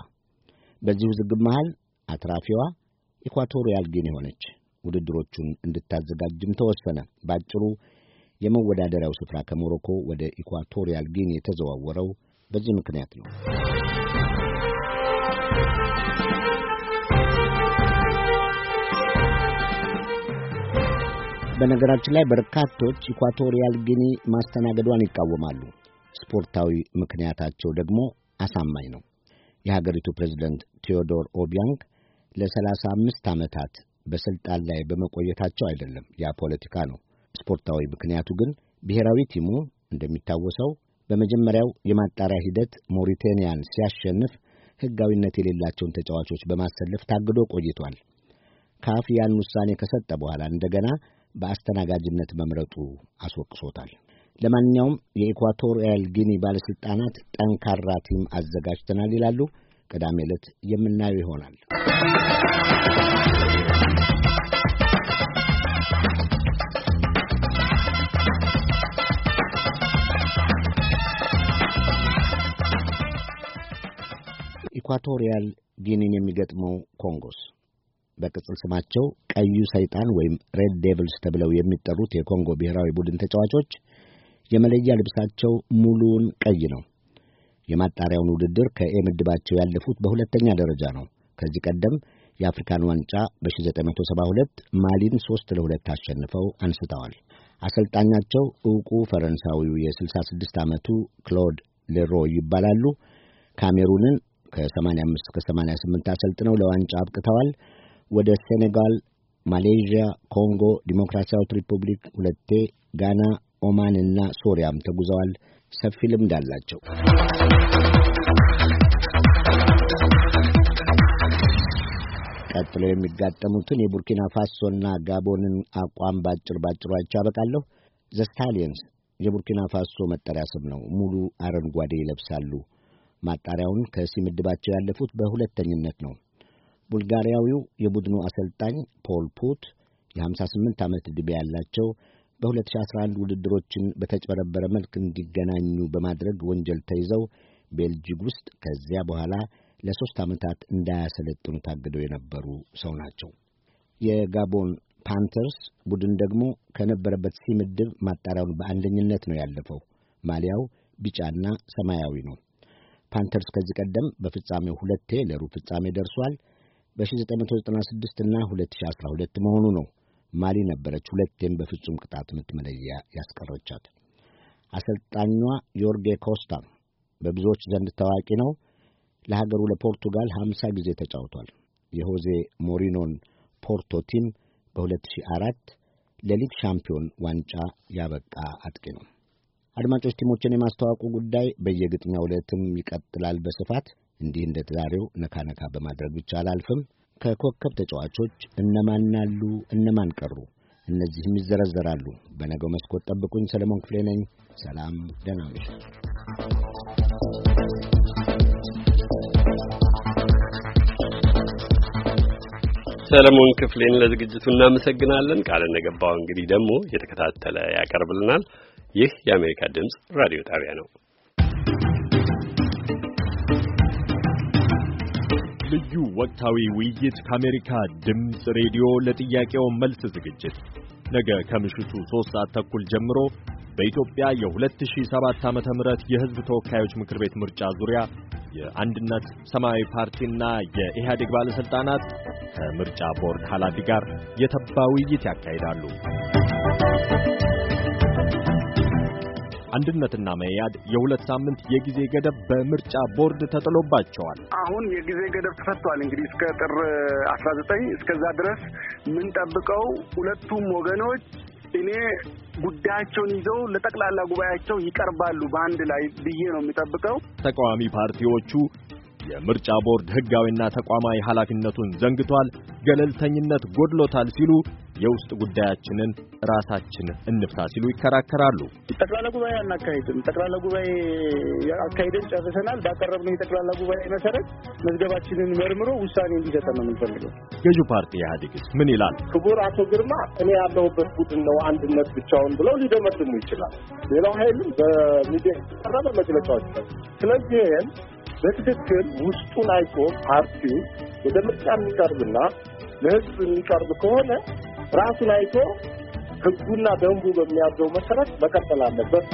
በዚህ ውዝግብ መሃል አትራፊዋ ኢኳቶሪያል ጊኒ ሆነች። ውድድሮቹን እንድታዘጋጅም ተወሰነ። ባጭሩ የመወዳደሪያው ስፍራ ከሞሮኮ ወደ ኢኳቶሪያል ጊኒ የተዘዋወረው በዚህ ምክንያት ነው። በነገራችን ላይ በርካቶች ኢኳቶሪያል ጊኒ ማስተናገዷን ይቃወማሉ። ስፖርታዊ ምክንያታቸው ደግሞ አሳማኝ ነው። የሀገሪቱ ፕሬዚደንት ቴዎዶር ኦቢያንግ ለሰላሳ አምስት ዓመታት በሥልጣን ላይ በመቆየታቸው አይደለም። ያ ፖለቲካ ነው። ስፖርታዊ ምክንያቱ ግን ብሔራዊ ቲሙ እንደሚታወሰው በመጀመሪያው የማጣሪያ ሂደት ሞሪቴንያን ሲያሸንፍ ሕጋዊነት የሌላቸውን ተጫዋቾች በማሰለፍ ታግዶ ቆይቷል። ካፍ ያን ውሳኔ ከሰጠ በኋላ እንደገና በአስተናጋጅነት መምረጡ አስወቅሶታል። ለማንኛውም የኢኳቶሪያል ጊኒ ባለሥልጣናት ጠንካራ ቲም አዘጋጅተናል ይላሉ። ቅዳሜ ዕለት የምናየው ይሆናል። ኢኳቶሪያል ጊኒን የሚገጥመው ኮንጎስ በቅጽል ስማቸው ቀዩ ሰይጣን ወይም ሬድ ዴቪልስ ተብለው የሚጠሩት የኮንጎ ብሔራዊ ቡድን ተጫዋቾች የመለያ ልብሳቸው ሙሉውን ቀይ ነው። የማጣሪያውን ውድድር ከኤ ምድባቸው ያለፉት በሁለተኛ ደረጃ ነው። ከዚህ ቀደም የአፍሪካን ዋንጫ በ1972 ማሊን ሦስት ለሁለት አሸንፈው አንስተዋል። አሰልጣኛቸው ዕውቁ ፈረንሳዊው የ66 ዓመቱ ክሎድ ሌሮይ ይባላሉ። ካሜሩንን ከ85 እስከ 88 አሰልጥነው ለዋንጫ አብቅተዋል። ወደ ሴኔጋል፣ ማሌዥያ፣ ኮንጎ ዲሞክራሲያዊት ሪፑብሊክ ሁለቴ፣ ጋና፣ ኦማን እና ሶሪያም ተጉዘዋል። ሰፊ ልምድ አላቸው። ቀጥሎ የሚጋጠሙትን የቡርኪና ፋሶና ጋቦንን አቋም ባጭር ባጭሯቸው አይቼ አበቃለሁ። ዘስታሊየንስ የቡርኪና ፋሶ መጠሪያ ስም ነው። ሙሉ አረንጓዴ ይለብሳሉ። ማጣሪያውን ከሲ ምድባቸው ያለፉት በሁለተኝነት ነው። ቡልጋሪያዊው የቡድኑ አሰልጣኝ ፖል ፑት የ58 ዓመት ዕድሜ ያላቸው በ2011 ውድድሮችን በተጭበረበረ መልክ እንዲገናኙ በማድረግ ወንጀል ተይዘው ቤልጂግ ውስጥ ከዚያ በኋላ ለሦስት ዓመታት እንዳያሰለጥኑ ታግደው የነበሩ ሰው ናቸው። የጋቦን ፓንተርስ ቡድን ደግሞ ከነበረበት ሲ ምድብ ማጣሪያውን በአንደኝነት ነው ያለፈው። ማሊያው ቢጫና ሰማያዊ ነው። ፓንተርስ ከዚህ ቀደም በፍጻሜው ሁለቴ ለሩብ ፍጻሜ ደርሷል። በ1996 እና 2012 መሆኑ ነው። ማሊ ነበረች ሁለቴም በፍጹም ቅጣት ምት መለያ ያስቀረቻት። አሰልጣኟ ዮርጌ ኮስታ በብዙዎች ዘንድ ታዋቂ ነው። ለሀገሩ ለፖርቱጋል 50 ጊዜ ተጫውቷል። የሆዜ ሞሪኖን ፖርቶ ቲም በ2004 ለሊግ ሻምፒዮን ዋንጫ ያበቃ አጥቂ ነው። አድማጮች ቲሞችን የማስተዋወቁ ጉዳይ በየግጥሚያው ዕለትም ይቀጥላል በስፋት እንዲህ እንደ ዛሬው ነካነካ በማድረግ ብቻ አላልፍም። ከኮከብ ተጫዋቾች እነማን አሉ? እነማን ቀሩ? እነዚህም ይዘረዘራሉ። በነገው መስኮት ጠብቁኝ። ሰለሞን ክፍሌ ነኝ። ሰላም፣ ደህና ሰለሞን ክፍሌን ለዝግጅቱ እናመሰግናለን። ቃል እንደገባው እንግዲህ ደግሞ የተከታተለ ያቀርብልናል። ይህ የአሜሪካ ድምፅ ራዲዮ ጣቢያ ነው። ልዩ ወቅታዊ ውይይት ከአሜሪካ ድምፅ ሬዲዮ ለጥያቄው መልስ ዝግጅት ነገ ከምሽቱ ሦስት ሰዓት ተኩል ጀምሮ በኢትዮጵያ የ2007 ዓ ም የሕዝብ ተወካዮች ምክር ቤት ምርጫ ዙሪያ የአንድነት ሰማያዊ ፓርቲና የኢህአዴግ ባለሥልጣናት ከምርጫ ቦርድ ኃላፊ ጋር የተባ ውይይት ያካሂዳሉ። አንድነትና መያድ የሁለት ሳምንት የጊዜ ገደብ በምርጫ ቦርድ ተጥሎባቸዋል። አሁን የጊዜ ገደብ ተፈቷል። እንግዲህ እስከ ጥር አስራ ዘጠኝ እስከዛ ድረስ የምንጠብቀው ሁለቱም ወገኖች እኔ ጉዳያቸውን ይዘው ለጠቅላላ ጉባኤያቸው ይቀርባሉ በአንድ ላይ ብዬ ነው የሚጠብቀው። ተቃዋሚ ፓርቲዎቹ የምርጫ ቦርድ ሕጋዊና ተቋማዊ ኃላፊነቱን ዘንግቷል፣ ገለልተኝነት ጎድሎታል ሲሉ የውስጥ ጉዳያችንን ራሳችን እንፍታ ሲሉ ይከራከራሉ። ጠቅላላ ጉባኤ አናካሂድም፣ ጠቅላላ ጉባኤ አካሄደን ጨርሰናል። ባቀረብነው የጠቅላላ ጉባኤ መሰረት መዝገባችንን መርምሮ ውሳኔ እንዲሰጠን ነው የምንፈልገው። ገዢው ፓርቲ ኢህአዴግስ ምን ይላል? ክቡር አቶ ግርማ እኔ ያለሁበት ቡድን ነው አንድነት ብቻውን ብለው ሊደመድሙ ይችላል። ሌላው ኃይልም በሚዲያ የተቀረበ መግለጫዎች ስለዚህ በትክክል ውስጡን አይቶ ፓርቲው ወደ ምርጫ የሚቀርብና ለህዝብ የሚቀርብ ከሆነ ራሱን አይቶ ህጉና ደንቡ በሚያዘው መሰረት መቀጠል አለበት።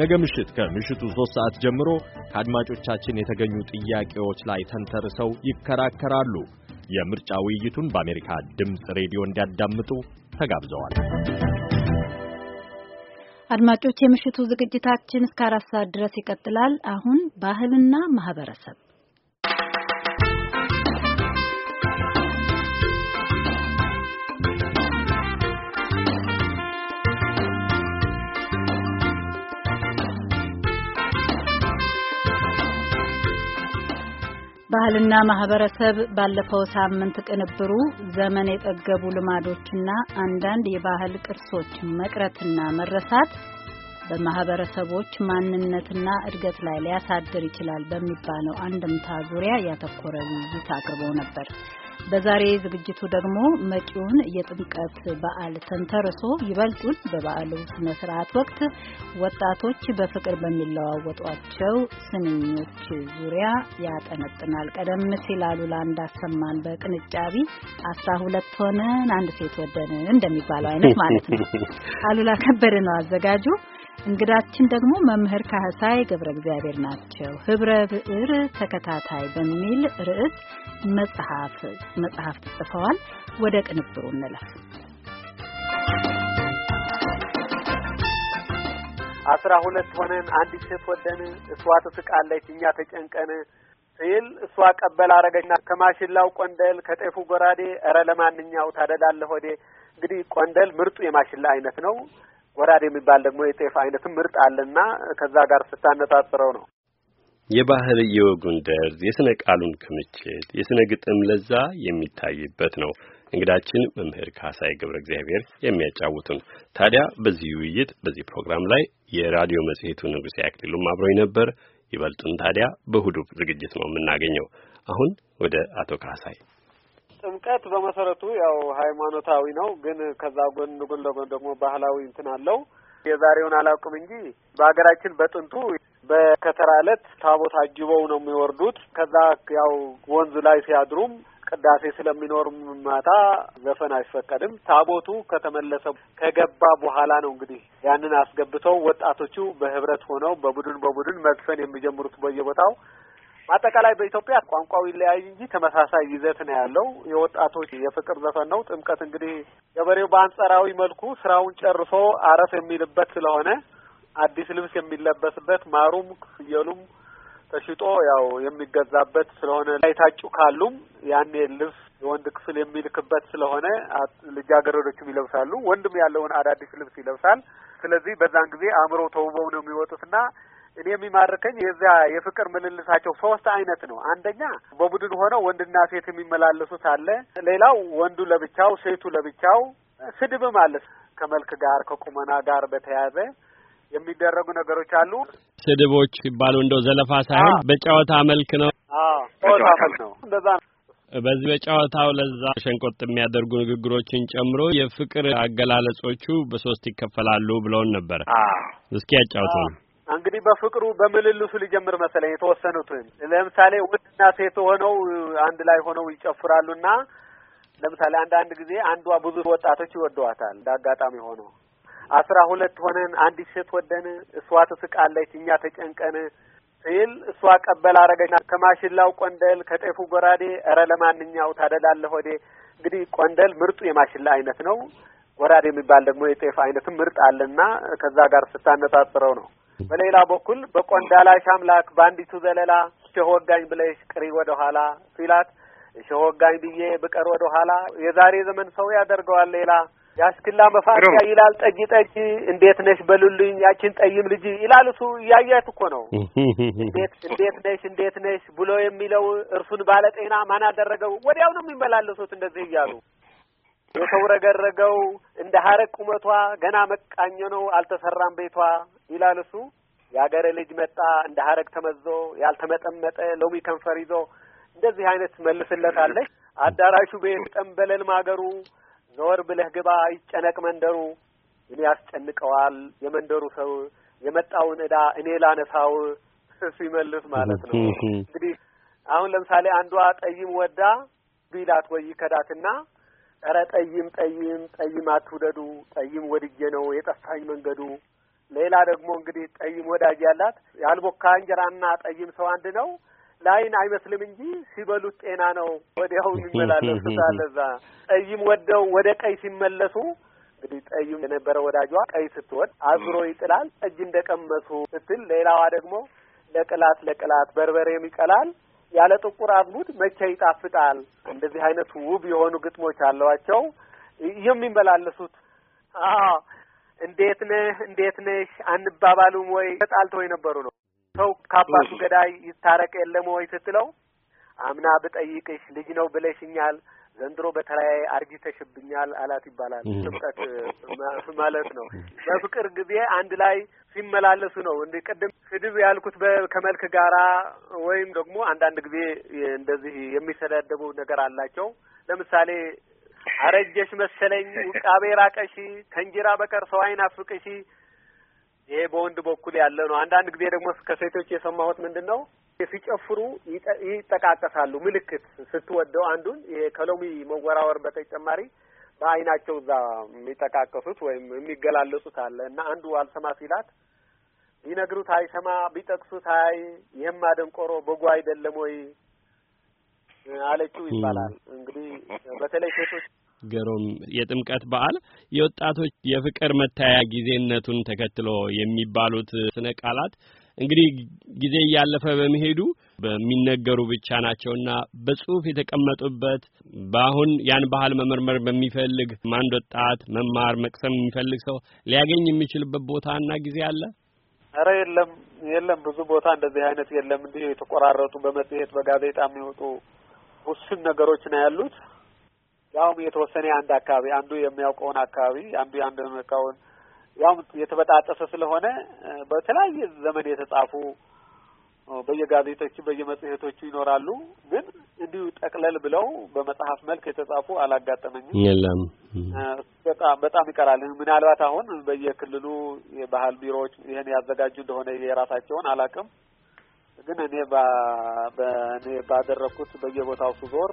ነገ ምሽት ከምሽቱ ሶስት ሰዓት ጀምሮ ከአድማጮቻችን የተገኙ ጥያቄዎች ላይ ተንተርሰው ይከራከራሉ። የምርጫ ውይይቱን በአሜሪካ ድምፅ ሬዲዮ እንዲያዳምጡ ተጋብዘዋል። አድማጮች፣ የምሽቱ ዝግጅታችን እስከ አራት ሰዓት ድረስ ይቀጥላል። አሁን ባህልና ማህበረሰብ ባህልና ማህበረሰብ ባለፈው ሳምንት ቅንብሩ ዘመን የጠገቡ ልማዶችና አንዳንድ የባህል ቅርሶች መቅረትና መረሳት በማህበረሰቦች ማንነትና እድገት ላይ ሊያሳድር ይችላል በሚባለው አንድምታ ዙሪያ ያተኮረ ውይይት አቅርቦ ነበር። በዛሬ ዝግጅቱ ደግሞ መጪውን የጥምቀት በዓል ተንተርሶ ይበልጡን በበዓሉ ስነ ስርዓት ወቅት ወጣቶች በፍቅር በሚለዋወጧቸው ስንኞች ዙሪያ ያጠነጥናል። ቀደም ሲል አሉላ እንዳሰማን በቅንጫቢ አስራ ሁለት ሆነን አንድ ሴት ወደን እንደሚባለው አይነት ማለት ነው። አሉላ ከበደ ነው አዘጋጁ። እንግዳችን ደግሞ መምህር ካህሳይ ገብረ እግዚአብሔር ናቸው። ህብረ ብዕር ተከታታይ በሚል ርዕስ መጽሐፍ መጽሐፍ ጽፈዋል። ወደ ቅንብሩ እንለፍ። አስራ ሁለት ሆነን አንዲት ሴት ወደን፣ እሷ ትስቃለች፣ እኛ ተጨንቀን ሲል እሷ ቀበል አረገችና ከማሽላው ቆንደል ከጤፉ ጎራዴ፣ እረ ለማንኛው ታደላለህ ወዴ። እንግዲህ ቆንደል ምርጡ የማሽላ አይነት ነው። ወራድ የሚባል ደግሞ የጤፍ አይነትም ምርጥ አለና ከዛ ጋር ስታነጻጽረው ነው የባህል የወጉን ደርዝ የስነ ቃሉን ክምችት የስነ ግጥም ለዛ የሚታይበት ነው። እንግዳችን መምህር ካሳይ ገብረ እግዚአብሔር የሚያጫውቱን። ታዲያ በዚህ ውይይት በዚህ ፕሮግራም ላይ የራዲዮ መጽሔቱ ንጉሴ አክሊሉም አብሮ ነበር። ይበልጡን ታዲያ በሁዱብ ዝግጅት ነው የምናገኘው። አሁን ወደ አቶ ካሳይ ጥምቀት በመሰረቱ ያው ሃይማኖታዊ ነው፣ ግን ከዛ ጎን ጎን ለጎን ደግሞ ባህላዊ እንትን አለው። የዛሬውን አላውቅም እንጂ በሀገራችን በጥንቱ በከተራ ዕለት ታቦት አጅበው ነው የሚወርዱት። ከዛ ያው ወንዝ ላይ ሲያድሩም ቅዳሴ ስለሚኖር ማታ ዘፈን አይፈቀድም። ታቦቱ ከተመለሰ ከገባ በኋላ ነው እንግዲህ ያንን አስገብተው ወጣቶቹ በህብረት ሆነው በቡድን በቡድን መዝፈን የሚጀምሩት በየቦታው አጠቃላይ በኢትዮጵያ ቋንቋው ይለያይ እንጂ ተመሳሳይ ይዘት ነው ያለው። የወጣቶች የፍቅር ዘፈን ነው። ጥምቀት እንግዲህ ገበሬው በአንጻራዊ መልኩ ስራውን ጨርሶ አረፍ የሚልበት ስለሆነ አዲስ ልብስ የሚለበስበት ማሩም ፍየሉም ተሽጦ ያው የሚገዛበት ስለሆነ ላይ ታጩ ካሉም ያኔ ልብስ የወንድ ክፍል የሚልክበት ስለሆነ ልጃገረዶችም ይለብሳሉ። ወንድም ያለውን አዳዲስ ልብስ ይለብሳል። ስለዚህ በዛን ጊዜ አእምሮ ተውበው ነው የሚወጡትና እኔ የሚማርከኝ የዚያ የፍቅር ምልልሳቸው ሶስት አይነት ነው። አንደኛ በቡድን ሆነው ወንድና ሴት የሚመላለሱት አለ። ሌላው ወንዱ ለብቻው፣ ሴቱ ለብቻው። ስድብም አለ ከመልክ ጋር ከቁመና ጋር በተያያዘ የሚደረጉ ነገሮች አሉ። ስድቦች ሲባሉ እንደው ዘለፋ ሳይሆን በጨዋታ መልክ ነው። ጨዋታ መልክ ነው እንደዛ ነው። በዚህ በጨዋታው ለዛ ሸንቆጥ የሚያደርጉ ንግግሮችን ጨምሮ የፍቅር አገላለጾቹ በሶስት ይከፈላሉ ብለውን ነበር። እስኪ ያጫውተው። እንግዲህ በፍቅሩ በምልልሱ ሊጀምር መሰለኝ የተወሰኑትን ለምሳሌ ወንድና ሴት ሆነው አንድ ላይ ሆነው ይጨፍራሉና ለምሳሌ አንዳንድ ጊዜ አንዷ ብዙ ወጣቶች ይወደዋታል። እንደ አጋጣሚ ሆኖ አስራ ሁለት ሆነን አንዲት ሴት ወደን እሷ ትስቃለች፣ እኛ ተጨንቀን ሲል እሷ ቀበል አረገች። ከማሽላው ቆንደል ከጤፉ ጎራዴ እረ ለማንኛው ታደላለ ሆዴ። እንግዲህ ቆንደል ምርጡ የማሽላ አይነት ነው። ጎራዴ የሚባል ደግሞ የጤፍ አይነትም ምርጥ አለና ከዛ ጋር ስታነጻጽረው ነው በሌላ በኩል በቆንዳላ አምላክ በአንዲቱ ዘለላ እሾህ ወጋኝ ብለሽ ቅሪ ወደ ኋላ ሲላት እሾህ ወጋኝ ብዬ ብቀር ወደ ኋላ የዛሬ ዘመን ሰው ያደርገዋል ሌላ ያስክላ መፋቂያ ይላል ጠጅ ጠጅ እንዴት ነሽ በሉልኝ ያችን ጠይም ልጅ ይላል እሱ እያያት እኮ ነው። እንዴት እንዴት ነሽ እንዴት ነሽ ብሎ የሚለው እርሱን ባለጤና ማን አደረገው? ወዲያው ነው የሚመላለሱት እንደዚህ እያሉ የተውረገረገው እንደ ሀረግ ቁመቷ ገና መቃኘ ነው አልተሰራም ቤቷ ይላል እሱ። የአገረ ልጅ መጣ እንደ ሀረግ ተመዞ ያልተመጠመጠ ሎሚ ከንፈር ይዞ እንደዚህ አይነት መልስለታለች። አዳራሹ ቤት ጠንበለል ማገሩ ዘወር ብለህ ግባ ይጨነቅ መንደሩ እኔ ያስጨንቀዋል የመንደሩ ሰው የመጣውን እዳ እኔ ላነሳው ሲመልስ ማለት ነው። እንግዲህ አሁን ለምሳሌ አንዷ ጠይም ወዳ ቢላት ወይ ከዳትና ኧረ ጠይም ጠይም ጠይም አትውደዱ፣ ጠይም ወድጄ ነው የጠፋኝ መንገዱ። ሌላ ደግሞ እንግዲህ ጠይም ወዳጅ ያላት ያልቦካ እንጀራና ጠይም ሰው አንድ ነው ላይን አይመስልም እንጂ ሲበሉት ጤና ነው። ወዲያው የሚመላለሱታል። እዛ ጠይም ወደው ወደ ቀይ ሲመለሱ እንግዲህ ጠይም የነበረ ወዳጇ ቀይ ስትወድ አዝሮ ይጥላል ጠጅ እንደቀመሱ ስትል፣ ሌላዋ ደግሞ ለቅላት ለቅላት በርበሬም ይቀላል ያለ ጥቁር አብኑት መቼ ይጣፍጣል። እንደዚህ አይነት ውብ የሆኑ ግጥሞች አለዋቸው የሚመላለሱት። እንዴት ነህ እንዴት ነሽ አንባባሉም ወይ ተጣልተው የነበሩ ነው። ሰው ከአባቱ ገዳይ ይታረቅ የለም ወይ ስትለው አምና ብጠይቅሽ ልጅ ነው ብለሽኛል ዘንድሮ በተለያየ አርጅተሽብኛል አላት ይባላል። ጥምቀት ማለት ነው። በፍቅር ጊዜ አንድ ላይ ሲመላለሱ ነው። እንደ ቅድም ስድብ ያልኩት ከመልክ ጋራ ወይም ደግሞ አንዳንድ ጊዜ እንደዚህ የሚሰዳደቡ ነገር አላቸው። ለምሳሌ አረጀሽ መሰለኝ፣ ውቃቤ ራቀሺ፣ ከእንጀራ በቀር ሰው አይናፍቅሺ ይሄ በወንድ በኩል ያለ ነው። አንዳንድ ጊዜ ደግሞ ከሴቶች የሰማሁት ምንድን ነው ሲጨፍሩ ይጠቃቀሳሉ። ምልክት ስትወደው አንዱን ይሄ ከሎሚ መወራወር በተጨማሪ በአይናቸው እዛ የሚጠቃቀሱት ወይም የሚገላለጹት አለ እና አንዱ አልሰማ ሲላት ቢነግሩት አይሰማ፣ ቢጠቅሱት አይ ይህማ ደንቆሮ በጎ አይደለም ወይ አለችው ይባላል። እንግዲህ በተለይ ሴቶች ገሮም የጥምቀት በዓል የወጣቶች የፍቅር መታያ ጊዜነቱን ተከትሎ የሚባሉት ስነ ቃላት እንግዲህ ጊዜ እያለፈ በመሄዱ በሚነገሩ ብቻ ናቸውና በጽሁፍ የተቀመጡበት በአሁን ያን ባህል መመርመር በሚፈልግ ማንድ ወጣት መማር መቅሰም የሚፈልግ ሰው ሊያገኝ የሚችልበት ቦታና ጊዜ አለ? ኧረ የለም የለም፣ ብዙ ቦታ እንደዚህ አይነት የለም። እንዲህ የተቆራረጡ በመጽሔት በጋዜጣ የሚወጡ ውስን ነገሮች ነው ያሉት። ያውም የተወሰነ አንድ አካባቢ አንዱ የሚያውቀውን አካባቢ አንዱ አንዱ የሚያውቀውን ያውም የተበጣጠሰ ስለሆነ በተለያየ ዘመን የተጻፉ በየጋዜጦች በየመጽሔቶቹ ይኖራሉ። ግን እንዲሁ ጠቅለል ብለው በመጽሐፍ መልክ የተጻፉ አላጋጠመኝም። የለም፣ በጣም በጣም ይቀራል። ምናልባት አሁን በየክልሉ የባህል ቢሮዎች ይህን ያዘጋጁ እንደሆነ የራሳቸውን አላቅም። ግን እኔ በእኔ ባደረግኩት በየቦታው ስዞር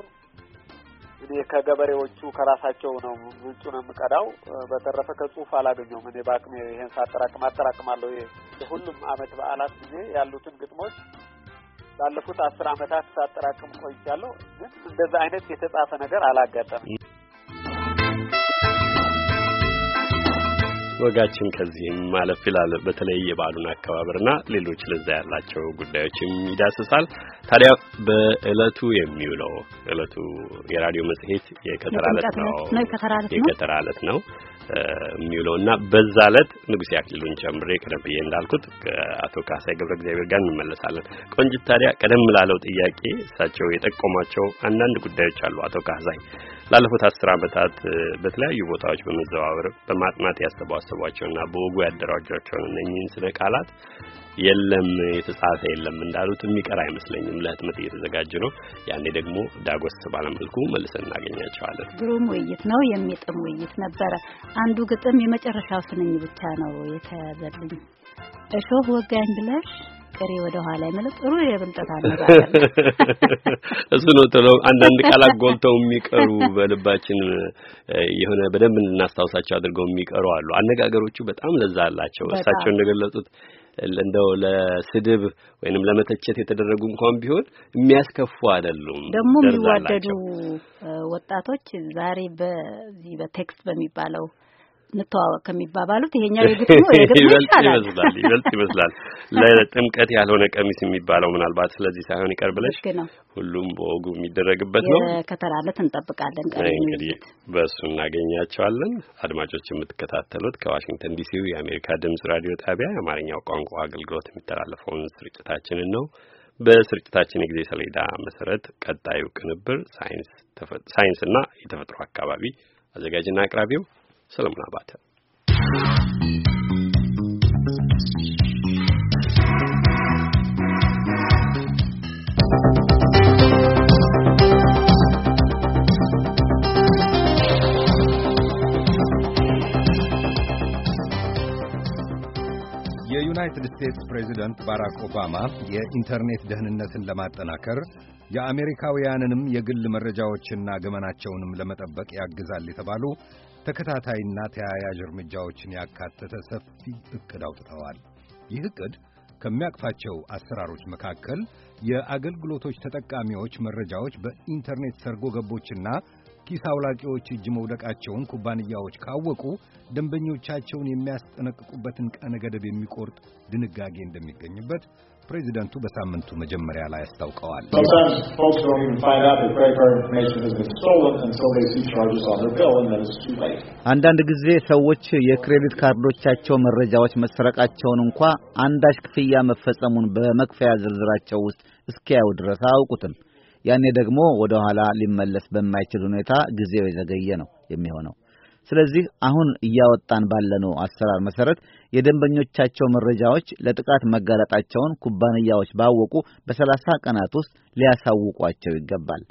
እኔ ከገበሬዎቹ ከራሳቸው ነው ምንጩ ነው የምቀዳው። በተረፈ ከጽሁፍ አላገኘውም። እኔ በአቅሜ ይሄን ሳጠራቅም አጠራቅማለሁ። ይሄ የሁሉም አመት በዓላት ጊዜ ያሉትን ግጥሞች ባለፉት አስር አመታት ሳጠራቅም ቆይቻለሁ። ግን እንደዛ አይነት የተጻፈ ነገር አላጋጠም። ወጋችን ከዚህም ማለፍ ይላል። በተለይ የበዓሉን አከባበርና ሌሎች ለዛ ያላቸው ጉዳዮችም ይዳስሳል። ታዲያ በእለቱ የሚውለው እለቱ የራዲዮ መጽሔት የከተራ ዕለት ነው የከተራ ነው በዛ ዕለት ንጉሴ አክሊሉን ጨምሬ ቀደም ብዬ እንዳልኩት ከአቶ ካሳይ ገብረ እግዚአብሔር ጋር እንመለሳለን። ቆንጅት ታዲያ ቀደም ላለው ጥያቄ እሳቸው የጠቆማቸው አንዳንድ ጉዳዮች አሉ አቶ ካሳይ ላለፉት አስር ዓመታት በተለያዩ ቦታዎች በመዘዋወር በማጥናት ያሰባሰቧቸውና በወጉ ያደራጇቸውን እነኚህን ስነ ቃላት የለም የተጻፈ የለም እንዳሉት የሚቀር አይመስለኝም። ለህትመት እየተዘጋጀ ነው። ያኔ ደግሞ ዳጎስ ባለመልኩ መልሰን እናገኛቸዋለን። ግሩም ውይይት ነው። የሚጥም ውይይት ነበረ። አንዱ ግጥም የመጨረሻው ስንኝ ብቻ ነው የተያዘልኝ። እሾህ ወጋኝ ብለሽ ፍቅሬ ወደ ኋላ ይመለጥ ጥሩ የብልጠት አነጋገር እሱ ነው። ቶሎ አንዳንድ ቃላት ጎልተው የሚቀሩ በልባችን የሆነ በደንብ እንድናስታውሳቸው አድርገው የሚቀሩ አሉ። አነጋገሮቹ በጣም ለዛ አላቸው። እሳቸው እንደገለጹት እንደው ለስድብ ወይንም ለመተቸት የተደረጉ እንኳን ቢሆን የሚያስከፉ አይደሉም። ደግሞ የሚዋደዱ ወጣቶች ዛሬ በዚህ በቴክስት በሚባለው እንተዋወቅ ከሚባባሉት ይሄኛው የግጥሙ ይመስላል ይበልጥ ይመስላል። ለጥምቀት ያልሆነ ቀሚስ የሚባለው ምናልባት ስለዚህ ሳይሆን ይቀር ብለሽ ሁሉም በወጉ የሚደረግበት ነው። ከተራለት እንጠብቃለን። እንግዲህ በእሱ እናገኛቸዋለን። አድማጮች የምትከታተሉት ከዋሽንግተን ዲሲው የአሜሪካ ድምጽ ራዲዮ ጣቢያ የአማርኛው ቋንቋ አገልግሎት የሚተላለፈውን ስርጭታችንን ነው። በስርጭታችን የጊዜ ሰሌዳ መሰረት ቀጣዩ ቅንብር ሳይንስ ሳይንስና የተፈጥሮ አካባቢ አዘጋጅና አቅራቢው ሰለሞን አባተ የዩናይትድ ስቴትስ ፕሬዚደንት ባራክ ኦባማ የኢንተርኔት ደህንነትን ለማጠናከር የአሜሪካውያንንም የግል መረጃዎችና ገመናቸውንም ለመጠበቅ ያግዛል የተባሉ ተከታታይና ተያያዥ እርምጃዎችን ያካተተ ሰፊ እቅድ አውጥተዋል። ይህ እቅድ ከሚያቅፋቸው አሰራሮች መካከል የአገልግሎቶች ተጠቃሚዎች መረጃዎች በኢንተርኔት ሰርጎ ገቦችና ኪስ አውላቂዎች እጅ መውደቃቸውን ኩባንያዎች ካወቁ ደንበኞቻቸውን የሚያስጠነቅቁበትን ቀነ ገደብ የሚቆርጥ ድንጋጌ እንደሚገኝበት ፕሬዚደንቱ በሳምንቱ መጀመሪያ ላይ አስታውቀዋል። አንዳንድ ጊዜ ሰዎች የክሬዲት ካርዶቻቸው መረጃዎች መሰረቃቸውን እንኳ አንዳች ክፍያ መፈጸሙን በመክፈያ ዝርዝራቸው ውስጥ እስኪያዩ ድረስ አያውቁትም። ያኔ ደግሞ ወደ ኋላ ሊመለስ በማይችል ሁኔታ ጊዜው የዘገየ ነው የሚሆነው። ስለዚህ አሁን እያወጣን ባለነው አሰራር መሰረት የደንበኞቻቸው መረጃዎች ለጥቃት መጋለጣቸውን ኩባንያዎች ባወቁ በሰላሳ ቀናት ውስጥ ሊያሳውቋቸው ይገባል።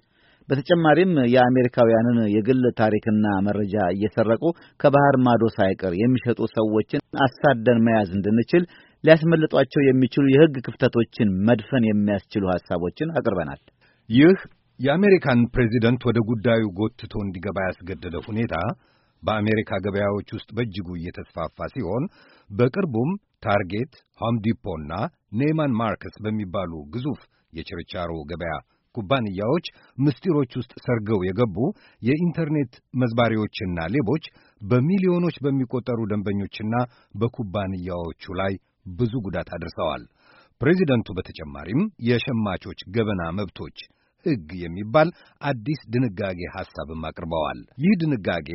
በተጨማሪም የአሜሪካውያንን የግል ታሪክና መረጃ እየሰረቁ ከባህር ማዶ ሳይቀር የሚሸጡ ሰዎችን አሳደን መያዝ እንድንችል ሊያስመልጧቸው የሚችሉ የሕግ ክፍተቶችን መድፈን የሚያስችሉ ሐሳቦችን አቅርበናል። ይህ የአሜሪካን ፕሬዚደንት ወደ ጉዳዩ ጎትቶ እንዲገባ ያስገደደ ሁኔታ በአሜሪካ ገበያዎች ውስጥ በእጅጉ እየተስፋፋ ሲሆን በቅርቡም ታርጌት፣ እና ኔይማን ማርክስ በሚባሉ ግዙፍ የችርቻሮ ገበያ ኩባንያዎች ምስጢሮች ውስጥ ሰርገው የገቡ የኢንተርኔት መዝባሪዎችና ሌቦች በሚሊዮኖች በሚቆጠሩ ደንበኞችና በኩባንያዎቹ ላይ ብዙ ጉዳት አድርሰዋል። ፕሬዚደንቱ በተጨማሪም የሸማቾች ገበና መብቶች ሕግ የሚባል አዲስ ድንጋጌ ሐሳብም አቅርበዋል። ይህ ድንጋጌ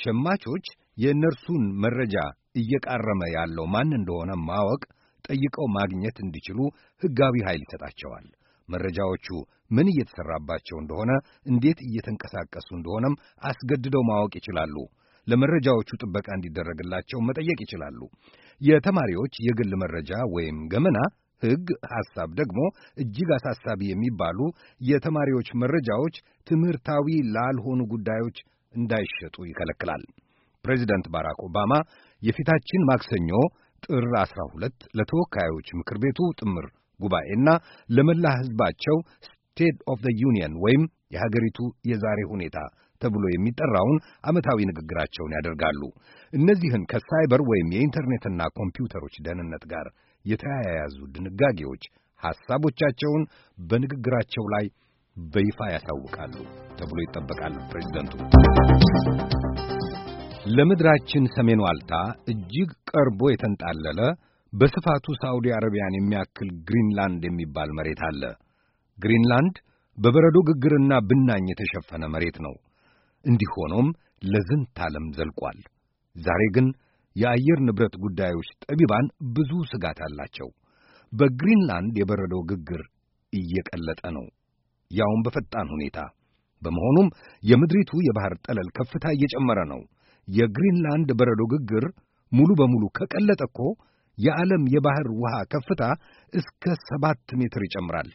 ሸማቾች የእነርሱን መረጃ እየቃረመ ያለው ማን እንደሆነ ማወቅ ጠይቀው ማግኘት እንዲችሉ ሕጋዊ ኃይል ይሰጣቸዋል። መረጃዎቹ ምን እየተሠራባቸው እንደሆነ፣ እንዴት እየተንቀሳቀሱ እንደሆነም አስገድደው ማወቅ ይችላሉ። ለመረጃዎቹ ጥበቃ እንዲደረግላቸው መጠየቅ ይችላሉ። የተማሪዎች የግል መረጃ ወይም ገመና ሕግ ሐሳብ ደግሞ እጅግ አሳሳቢ የሚባሉ የተማሪዎች መረጃዎች ትምህርታዊ ላልሆኑ ጉዳዮች እንዳይሸጡ ይከለክላል። ፕሬዚደንት ባራክ ኦባማ የፊታችን ማክሰኞ ጥር 12 ለተወካዮች ምክር ቤቱ ጥምር ጉባኤና ለመላ ሕዝባቸው ስቴት ኦፍ ዘ ዩኒየን ወይም የሀገሪቱ የዛሬ ሁኔታ ተብሎ የሚጠራውን ዓመታዊ ንግግራቸውን ያደርጋሉ። እነዚህን ከሳይበር ወይም የኢንተርኔትና ኮምፒውተሮች ደህንነት ጋር የተያያዙ ድንጋጌዎች ሐሳቦቻቸውን በንግግራቸው ላይ በይፋ ያሳውቃሉ ተብሎ ይጠበቃል። ፕሬዚደንቱ ለምድራችን ሰሜን ዋልታ እጅግ ቀርቦ የተንጣለለ በስፋቱ ሳዑዲ አረቢያን የሚያክል ግሪንላንድ የሚባል መሬት አለ። ግሪንላንድ በበረዶ ግግርና ብናኝ የተሸፈነ መሬት ነው። እንዲህ ሆኖም ለዝንት ዓለም ዘልቋል። ዛሬ ግን የአየር ንብረት ጉዳዮች ጠቢባን ብዙ ስጋት አላቸው። በግሪንላንድ የበረዶ ግግር እየቀለጠ ነው። ያውም በፈጣን ሁኔታ። በመሆኑም የምድሪቱ የባህር ጠለል ከፍታ እየጨመረ ነው። የግሪንላንድ በረዶ ግግር ሙሉ በሙሉ ከቀለጠ እኮ የዓለም የባህር ውሃ ከፍታ እስከ ሰባት ሜትር ይጨምራል።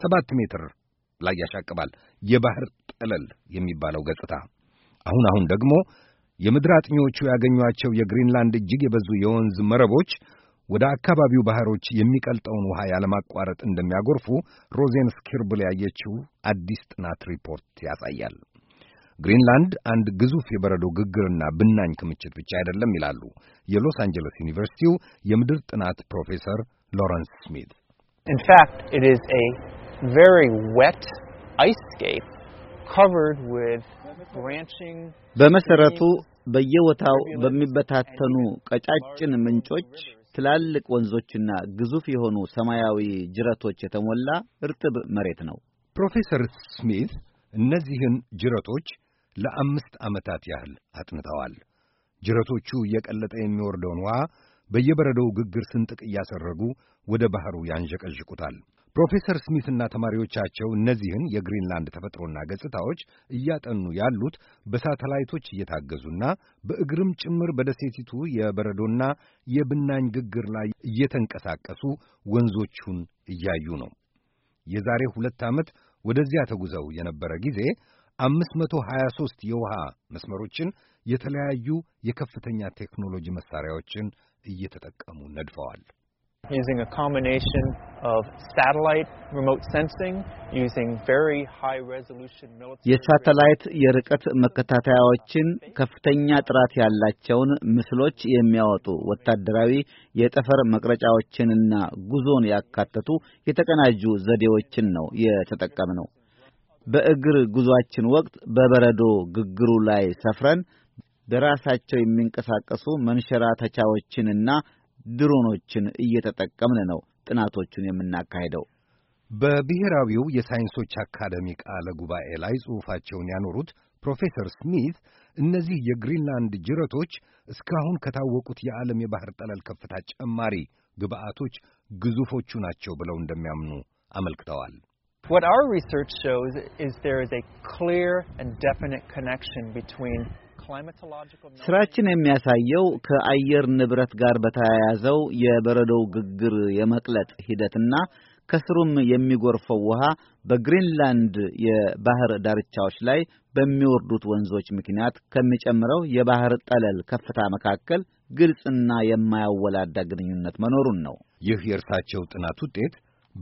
ሰባት ሜትር ላይ ያሻቅባል የባህር ጠለል የሚባለው ገጽታ። አሁን አሁን ደግሞ የምድር አጥኚዎቹ ያገኟቸው የግሪንላንድ እጅግ የበዙ የወንዝ መረቦች ወደ አካባቢው ባህሮች የሚቀልጠውን ውሃ ያለማቋረጥ እንደሚያጎርፉ ሮዜን ስኪርብል ያየችው አዲስ ጥናት ሪፖርት ያሳያል። ግሪንላንድ አንድ ግዙፍ የበረዶ ግግርና ብናኝ ክምችት ብቻ አይደለም ይላሉ የሎስ አንጀለስ ዩኒቨርሲቲው የምድር ጥናት ፕሮፌሰር ሎረንስ ስሚት። ኢንፋክት ኢት ኢዝ ኤ ቬሪ ዌት አይስኬፕ ኮቨርድ ዊዝ ብራንቺንግ በመሰረቱ በየቦታው በሚበታተኑ ቀጫጭን ምንጮች ትላልቅ ወንዞችና ግዙፍ የሆኑ ሰማያዊ ጅረቶች የተሞላ እርጥብ መሬት ነው። ፕሮፌሰር ስሚት እነዚህን ጅረቶች ለአምስት ዓመታት ያህል አጥንተዋል። ጅረቶቹ እየቀለጠ የሚወርደውን ውሃ በየበረዶው ግግር ስንጥቅ እያሰረጉ ወደ ባሕሩ ያንዠቀዥቁታል። ፕሮፌሰር ስሚት እና ተማሪዎቻቸው እነዚህን የግሪንላንድ ተፈጥሮና ገጽታዎች እያጠኑ ያሉት በሳተላይቶች እየታገዙና በእግርም ጭምር በደሴቲቱ የበረዶና የብናኝ ግግር ላይ እየተንቀሳቀሱ ወንዞቹን እያዩ ነው። የዛሬ ሁለት ዓመት ወደዚያ ተጉዘው የነበረ ጊዜ አምስት መቶ ሀያ ሦስት የውሃ መስመሮችን የተለያዩ የከፍተኛ ቴክኖሎጂ መሣሪያዎችን እየተጠቀሙ ነድፈዋል። የሳተላይት የርቀት መከታተያዎችን፣ ከፍተኛ ጥራት ያላቸውን ምስሎች የሚያወጡ ወታደራዊ የጠፈር መቅረጫዎችንና ጉዞን ያካተቱ የተቀናጁ ዘዴዎችን ነው የተጠቀምነው። በእግር ጉዟችን ወቅት በበረዶ ግግሩ ላይ ሰፍረን በራሳቸው የሚንቀሳቀሱ መንሸራተቻዎችንና ድሮኖችን እየተጠቀምን ነው ጥናቶቹን የምናካሄደው። በብሔራዊው የሳይንሶች አካደሚ ቃለ ጉባኤ ላይ ጽሑፋቸውን ያኖሩት ፕሮፌሰር ስሚት እነዚህ የግሪንላንድ ጅረቶች እስካሁን ከታወቁት የዓለም የባሕር ጠለል ከፍታ ጨማሪ ግብአቶች ግዙፎቹ ናቸው ብለው እንደሚያምኑ አመልክተዋል። What our research shows is there is a clear and definite connection between ስራችን የሚያሳየው ከአየር ንብረት ጋር በተያያዘው የበረዶው ግግር የመቅለጥ ሂደትና ከስሩም የሚጎርፈው ውሃ በግሪንላንድ የባህር ዳርቻዎች ላይ በሚወርዱት ወንዞች ምክንያት ከሚጨምረው የባህር ጠለል ከፍታ መካከል ግልጽና የማያወላዳ ግንኙነት መኖሩን ነው። ይህ የእርሳቸው ጥናት ውጤት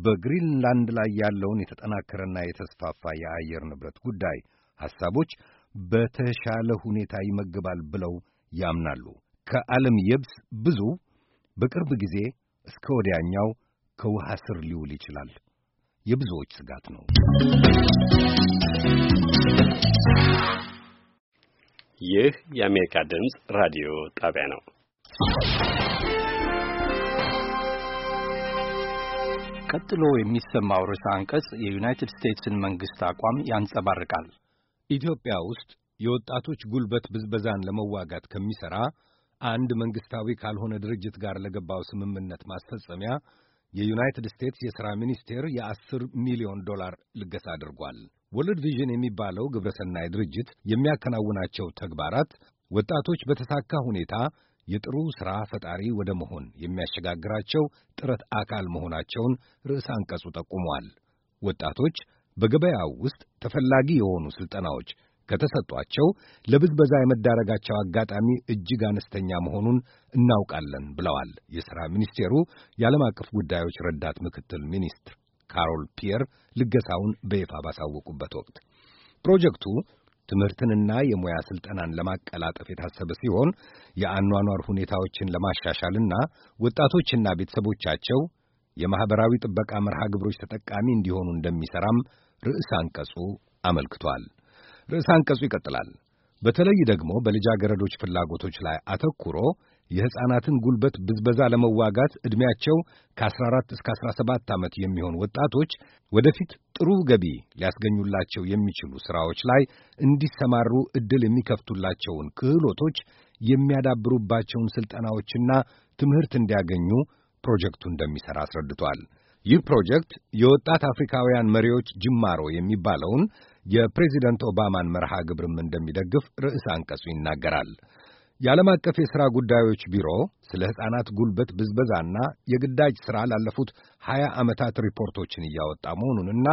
በግሪንላንድ ላይ ያለውን የተጠናከረና የተስፋፋ የአየር ንብረት ጉዳይ ሐሳቦች በተሻለ ሁኔታ ይመግባል ብለው ያምናሉ። ከዓለም የብስ ብዙ በቅርብ ጊዜ እስከ ወዲያኛው ከውሃ ስር ሊውል ይችላል። የብዙዎች ስጋት ነው። ይህ የአሜሪካ ድምፅ ራዲዮ ጣቢያ ነው። ቀጥሎ የሚሰማው ርዕሰ አንቀጽ የዩናይትድ ስቴትስን መንግሥት አቋም ያንጸባርቃል። ኢትዮጵያ ውስጥ የወጣቶች ጉልበት ብዝበዛን ለመዋጋት ከሚሠራ አንድ መንግሥታዊ ካልሆነ ድርጅት ጋር ለገባው ስምምነት ማስፈጸሚያ የዩናይትድ ስቴትስ የሥራ ሚኒስቴር የአስር ሚሊዮን ዶላር ልገሳ አድርጓል። ወርልድ ቪዥን የሚባለው ግብረሰናይ ድርጅት የሚያከናውናቸው ተግባራት ወጣቶች በተሳካ ሁኔታ የጥሩ ሥራ ፈጣሪ ወደ መሆን የሚያሸጋግራቸው ጥረት አካል መሆናቸውን ርዕስ አንቀጹ ጠቁመዋል። ወጣቶች በገበያው ውስጥ ተፈላጊ የሆኑ ሥልጠናዎች ከተሰጧቸው ለብዝበዛ የመዳረጋቸው አጋጣሚ እጅግ አነስተኛ መሆኑን እናውቃለን ብለዋል የሥራ ሚኒስቴሩ የዓለም አቀፍ ጉዳዮች ረዳት ምክትል ሚኒስትር ካሮል ፒየር ልገሳውን በይፋ ባሳወቁበት ወቅት ፕሮጀክቱ ትምህርትንና የሙያ ሥልጠናን ለማቀላጠፍ የታሰበ ሲሆን የአኗኗር ሁኔታዎችን ለማሻሻልና ወጣቶችና ቤተሰቦቻቸው የማኅበራዊ ጥበቃ መርሃ ግብሮች ተጠቃሚ እንዲሆኑ እንደሚሠራም ርዕስ አንቀጹ አመልክቷል። ርዕስ አንቀጹ ይቀጥላል። በተለይ ደግሞ በልጃገረዶች ፍላጎቶች ላይ አተኩሮ የሕፃናትን ጉልበት ብዝበዛ ለመዋጋት ዕድሜያቸው ከ14 እስከ 17 ዓመት የሚሆን ወጣቶች ወደፊት ጥሩ ገቢ ሊያስገኙላቸው የሚችሉ ሥራዎች ላይ እንዲሰማሩ ዕድል የሚከፍቱላቸውን ክህሎቶች የሚያዳብሩባቸውን ሥልጠናዎችና ትምህርት እንዲያገኙ ፕሮጀክቱ እንደሚሠራ አስረድቷል። ይህ ፕሮጀክት የወጣት አፍሪካውያን መሪዎች ጅማሮ የሚባለውን የፕሬዚደንት ኦባማን መርሃ ግብርም እንደሚደግፍ ርዕስ አንቀጹ ይናገራል። የዓለም አቀፍ የሥራ ጉዳዮች ቢሮ ስለ ሕፃናት ጉልበት ብዝበዛና የግዳጅ ሥራ ላለፉት ሀያ ዓመታት ሪፖርቶችን እያወጣ መሆኑንና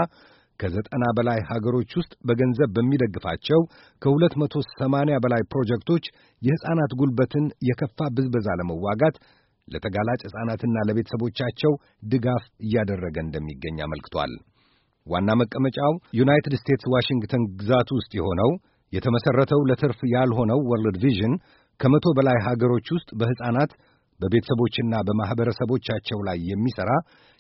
ከዘጠና በላይ ሀገሮች ውስጥ በገንዘብ በሚደግፋቸው ከሁለት መቶ ሰማንያ በላይ ፕሮጀክቶች የሕፃናት ጉልበትን የከፋ ብዝበዛ ለመዋጋት ለተጋላጭ ሕፃናትና ለቤተሰቦቻቸው ድጋፍ እያደረገ እንደሚገኝ አመልክቷል። ዋና መቀመጫው ዩናይትድ ስቴትስ ዋሽንግተን ግዛት ውስጥ የሆነው የተመሠረተው ለትርፍ ያልሆነው ወርልድ ቪዥን ከመቶ በላይ ሀገሮች ውስጥ በሕፃናት በቤተሰቦችና በማኅበረሰቦቻቸው ላይ የሚሠራ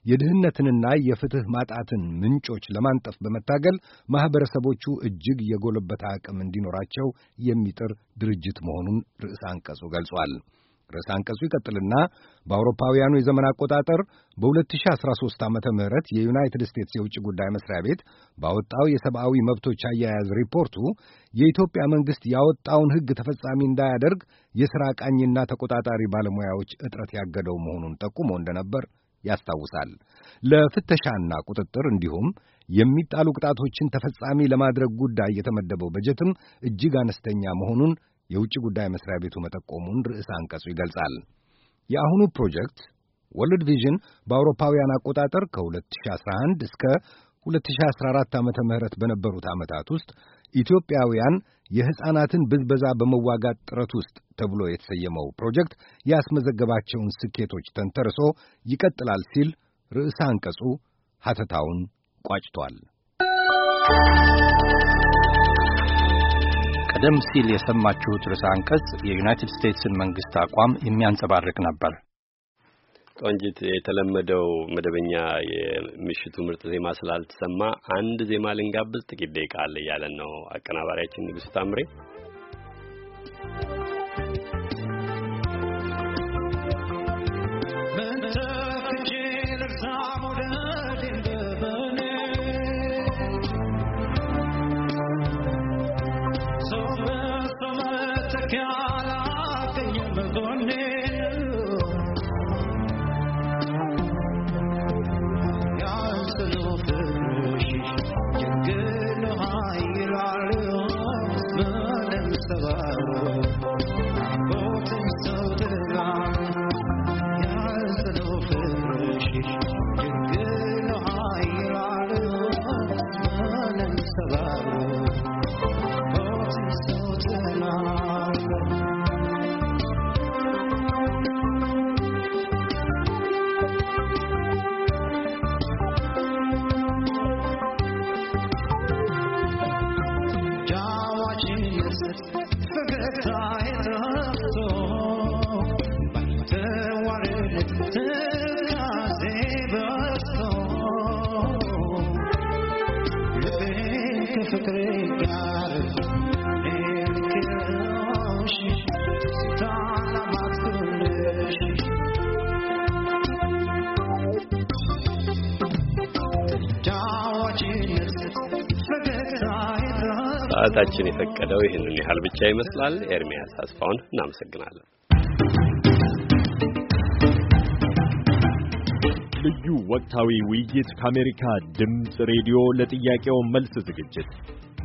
የድህነትንና የፍትሕ ማጣትን ምንጮች ለማንጠፍ በመታገል ማኅበረሰቦቹ እጅግ የጎለበተ አቅም እንዲኖራቸው የሚጥር ድርጅት መሆኑን ርዕሰ አንቀጹ ገልጿል። ርዕስ አንቀጹ ይቀጥልና በአውሮፓውያኑ የዘመን አቆጣጠር በ2013 ዓ ም የዩናይትድ ስቴትስ የውጭ ጉዳይ መስሪያ ቤት ባወጣው የሰብአዊ መብቶች አያያዝ ሪፖርቱ የኢትዮጵያ መንግሥት ያወጣውን ሕግ ተፈጻሚ እንዳያደርግ የሥራ ቃኝና ተቆጣጣሪ ባለሙያዎች እጥረት ያገደው መሆኑን ጠቁሞ እንደነበር ያስታውሳል። ለፍተሻና ቁጥጥር እንዲሁም የሚጣሉ ቅጣቶችን ተፈጻሚ ለማድረግ ጉዳይ የተመደበው በጀትም እጅግ አነስተኛ መሆኑን የውጭ ጉዳይ መስሪያ ቤቱ መጠቆሙን ርዕስ አንቀጹ ይገልጻል። የአሁኑ ፕሮጀክት ወርልድ ቪዥን በአውሮፓውያን አቆጣጠር ከ2011 እስከ 2014 ዓ ም በነበሩት ዓመታት ውስጥ ኢትዮጵያውያን የሕፃናትን ብዝበዛ በመዋጋት ጥረት ውስጥ ተብሎ የተሰየመው ፕሮጀክት ያስመዘገባቸውን ስኬቶች ተንተርሶ ይቀጥላል ሲል ርዕሰ አንቀጹ ሐተታውን ቋጭቷል። ቀደም ሲል የሰማችሁት ርዕሰ አንቀጽ የዩናይትድ ስቴትስን መንግስት አቋም የሚያንጸባርቅ ነበር። ቆንጂት፣ የተለመደው መደበኛ የምሽቱ ምርጥ ዜማ ስላልተሰማ አንድ ዜማ ልንጋብዝ ጥቂት ደቂቃ አለ እያለን ነው አቀናባሪያችን ንጉሥ ታምሬ ጊዜያችን የፈቀደው ይህንን ያህል ብቻ ይመስላል። ኤርሚያስ አስፋውን እናመሰግናለን። ልዩ ወቅታዊ ውይይት ከአሜሪካ ድምፅ ሬዲዮ ለጥያቄው መልስ ዝግጅት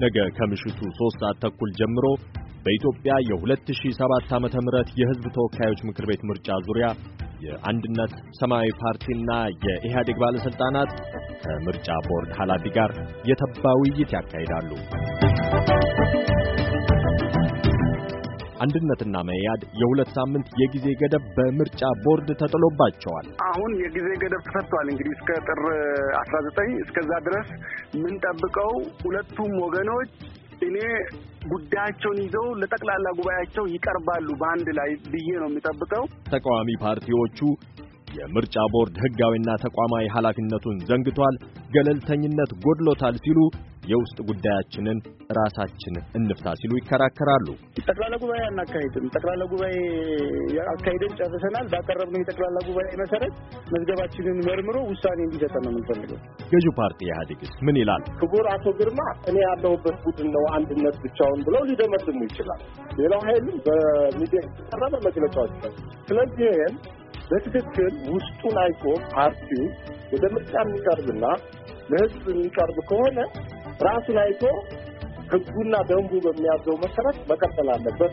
ነገ ከምሽቱ 3 ሰዓት ተኩል ጀምሮ በኢትዮጵያ የ2007 ዓ.ም የሕዝብ ተወካዮች ምክር ቤት ምርጫ ዙሪያ የአንድነት ሰማያዊ ፓርቲና የኢህአዴግ ባለስልጣናት ከምርጫ ቦርድ ኃላፊ ጋር የተባ ውይይት ያካሂዳሉ። አንድነትና መያድ የሁለት ሳምንት የጊዜ ገደብ በምርጫ ቦርድ ተጥሎባቸዋል። አሁን የጊዜ ገደብ ተሰጥቷል። እንግዲህ እስከ ጥር አስራ ዘጠኝ እስከዛ ድረስ የምንጠብቀው ሁለቱም ወገኖች እኔ ጉዳያቸውን ይዘው ለጠቅላላ ጉባኤያቸው ይቀርባሉ በአንድ ላይ ብዬ ነው የሚጠብቀው። ተቃዋሚ ፓርቲዎቹ የምርጫ ቦርድ ሕጋዊና ተቋማዊ ኃላፊነቱን ዘንግቷል፣ ገለልተኝነት ጎድሎታል ሲሉ የውስጥ ጉዳያችንን ራሳችን እንፍታ ሲሉ ይከራከራሉ። ጠቅላላ ጉባኤ አናካሄድም። ጠቅላላ ጉባኤ አካሄደን ጨርሰናል። ባቀረብነው የጠቅላላ ጉባኤ መሰረት መዝገባችንን መርምሮ ውሳኔ እንዲሰጠ ነው የምንፈልገው። ገዢው ፓርቲ ኢህአዴግስ ምን ይላል? ክቡር አቶ ግርማ እኔ ያለሁበት ቡድን ነው አንድነት ብቻውን ብለው ሊደመድሙ ይችላል። ሌላው ኃይልም በሚዲያ የተቀረበ መግለጫዎች ስለዚህ ይህን በትክክል ውስጡን አይቶ ፓርቲው ወደ ምርጫ የሚቀርብና ለህዝብ የሚቀርብ ከሆነ ራሱን አይቶ ህጉና ደንቡ በሚያዘው መሰረት መቀጠል አለበት።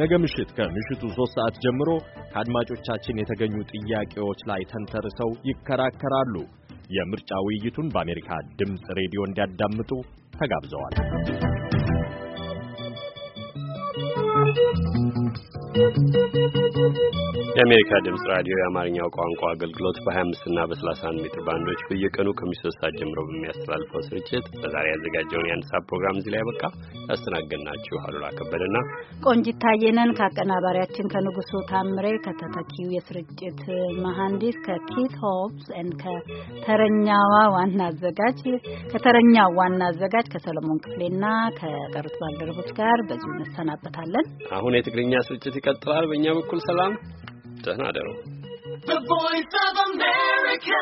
ነገ ምሽት ከምሽቱ ሶስት ሰዓት ጀምሮ ከአድማጮቻችን የተገኙ ጥያቄዎች ላይ ተንተርሰው ይከራከራሉ። የምርጫ ውይይቱን በአሜሪካ ድምፅ ሬዲዮ እንዲያዳምጡ ተጋብዘዋል። የአሜሪካ ድምጽ ራዲዮ የአማርኛው ቋንቋ አገልግሎት በ25 እና በ31 ሜትር ባንዶች በየቀኑ ከምሽቱ ሰዓት ጀምሮ በሚያስተላልፈው ስርጭት በዛሬ ያዘጋጀውን የአንድ ሰዓት ፕሮግራም እዚህ ላይ ያበቃ። ያስተናገድናችሁ አሉላ ከበደና ቆንጂት ታየ ከአቀናባሪያችን ከንጉሱ ታምሬ፣ ከተተኪው የስርጭት መሐንዲስ ከኪት ሆብስ እና ከተረኛዋ ዋና አዘጋጅ ከተረኛው ዋና አዘጋጅ ከሰለሞን ክፍሌና ከቀሩት ባልደረቦች ጋር በዚሁ እንሰናበታለን። አሁን የትግርኛ ስርጭት ይቀጥላል። በእኛ በኩል ሰላም፣ ደህና ደሩ። The voice of America.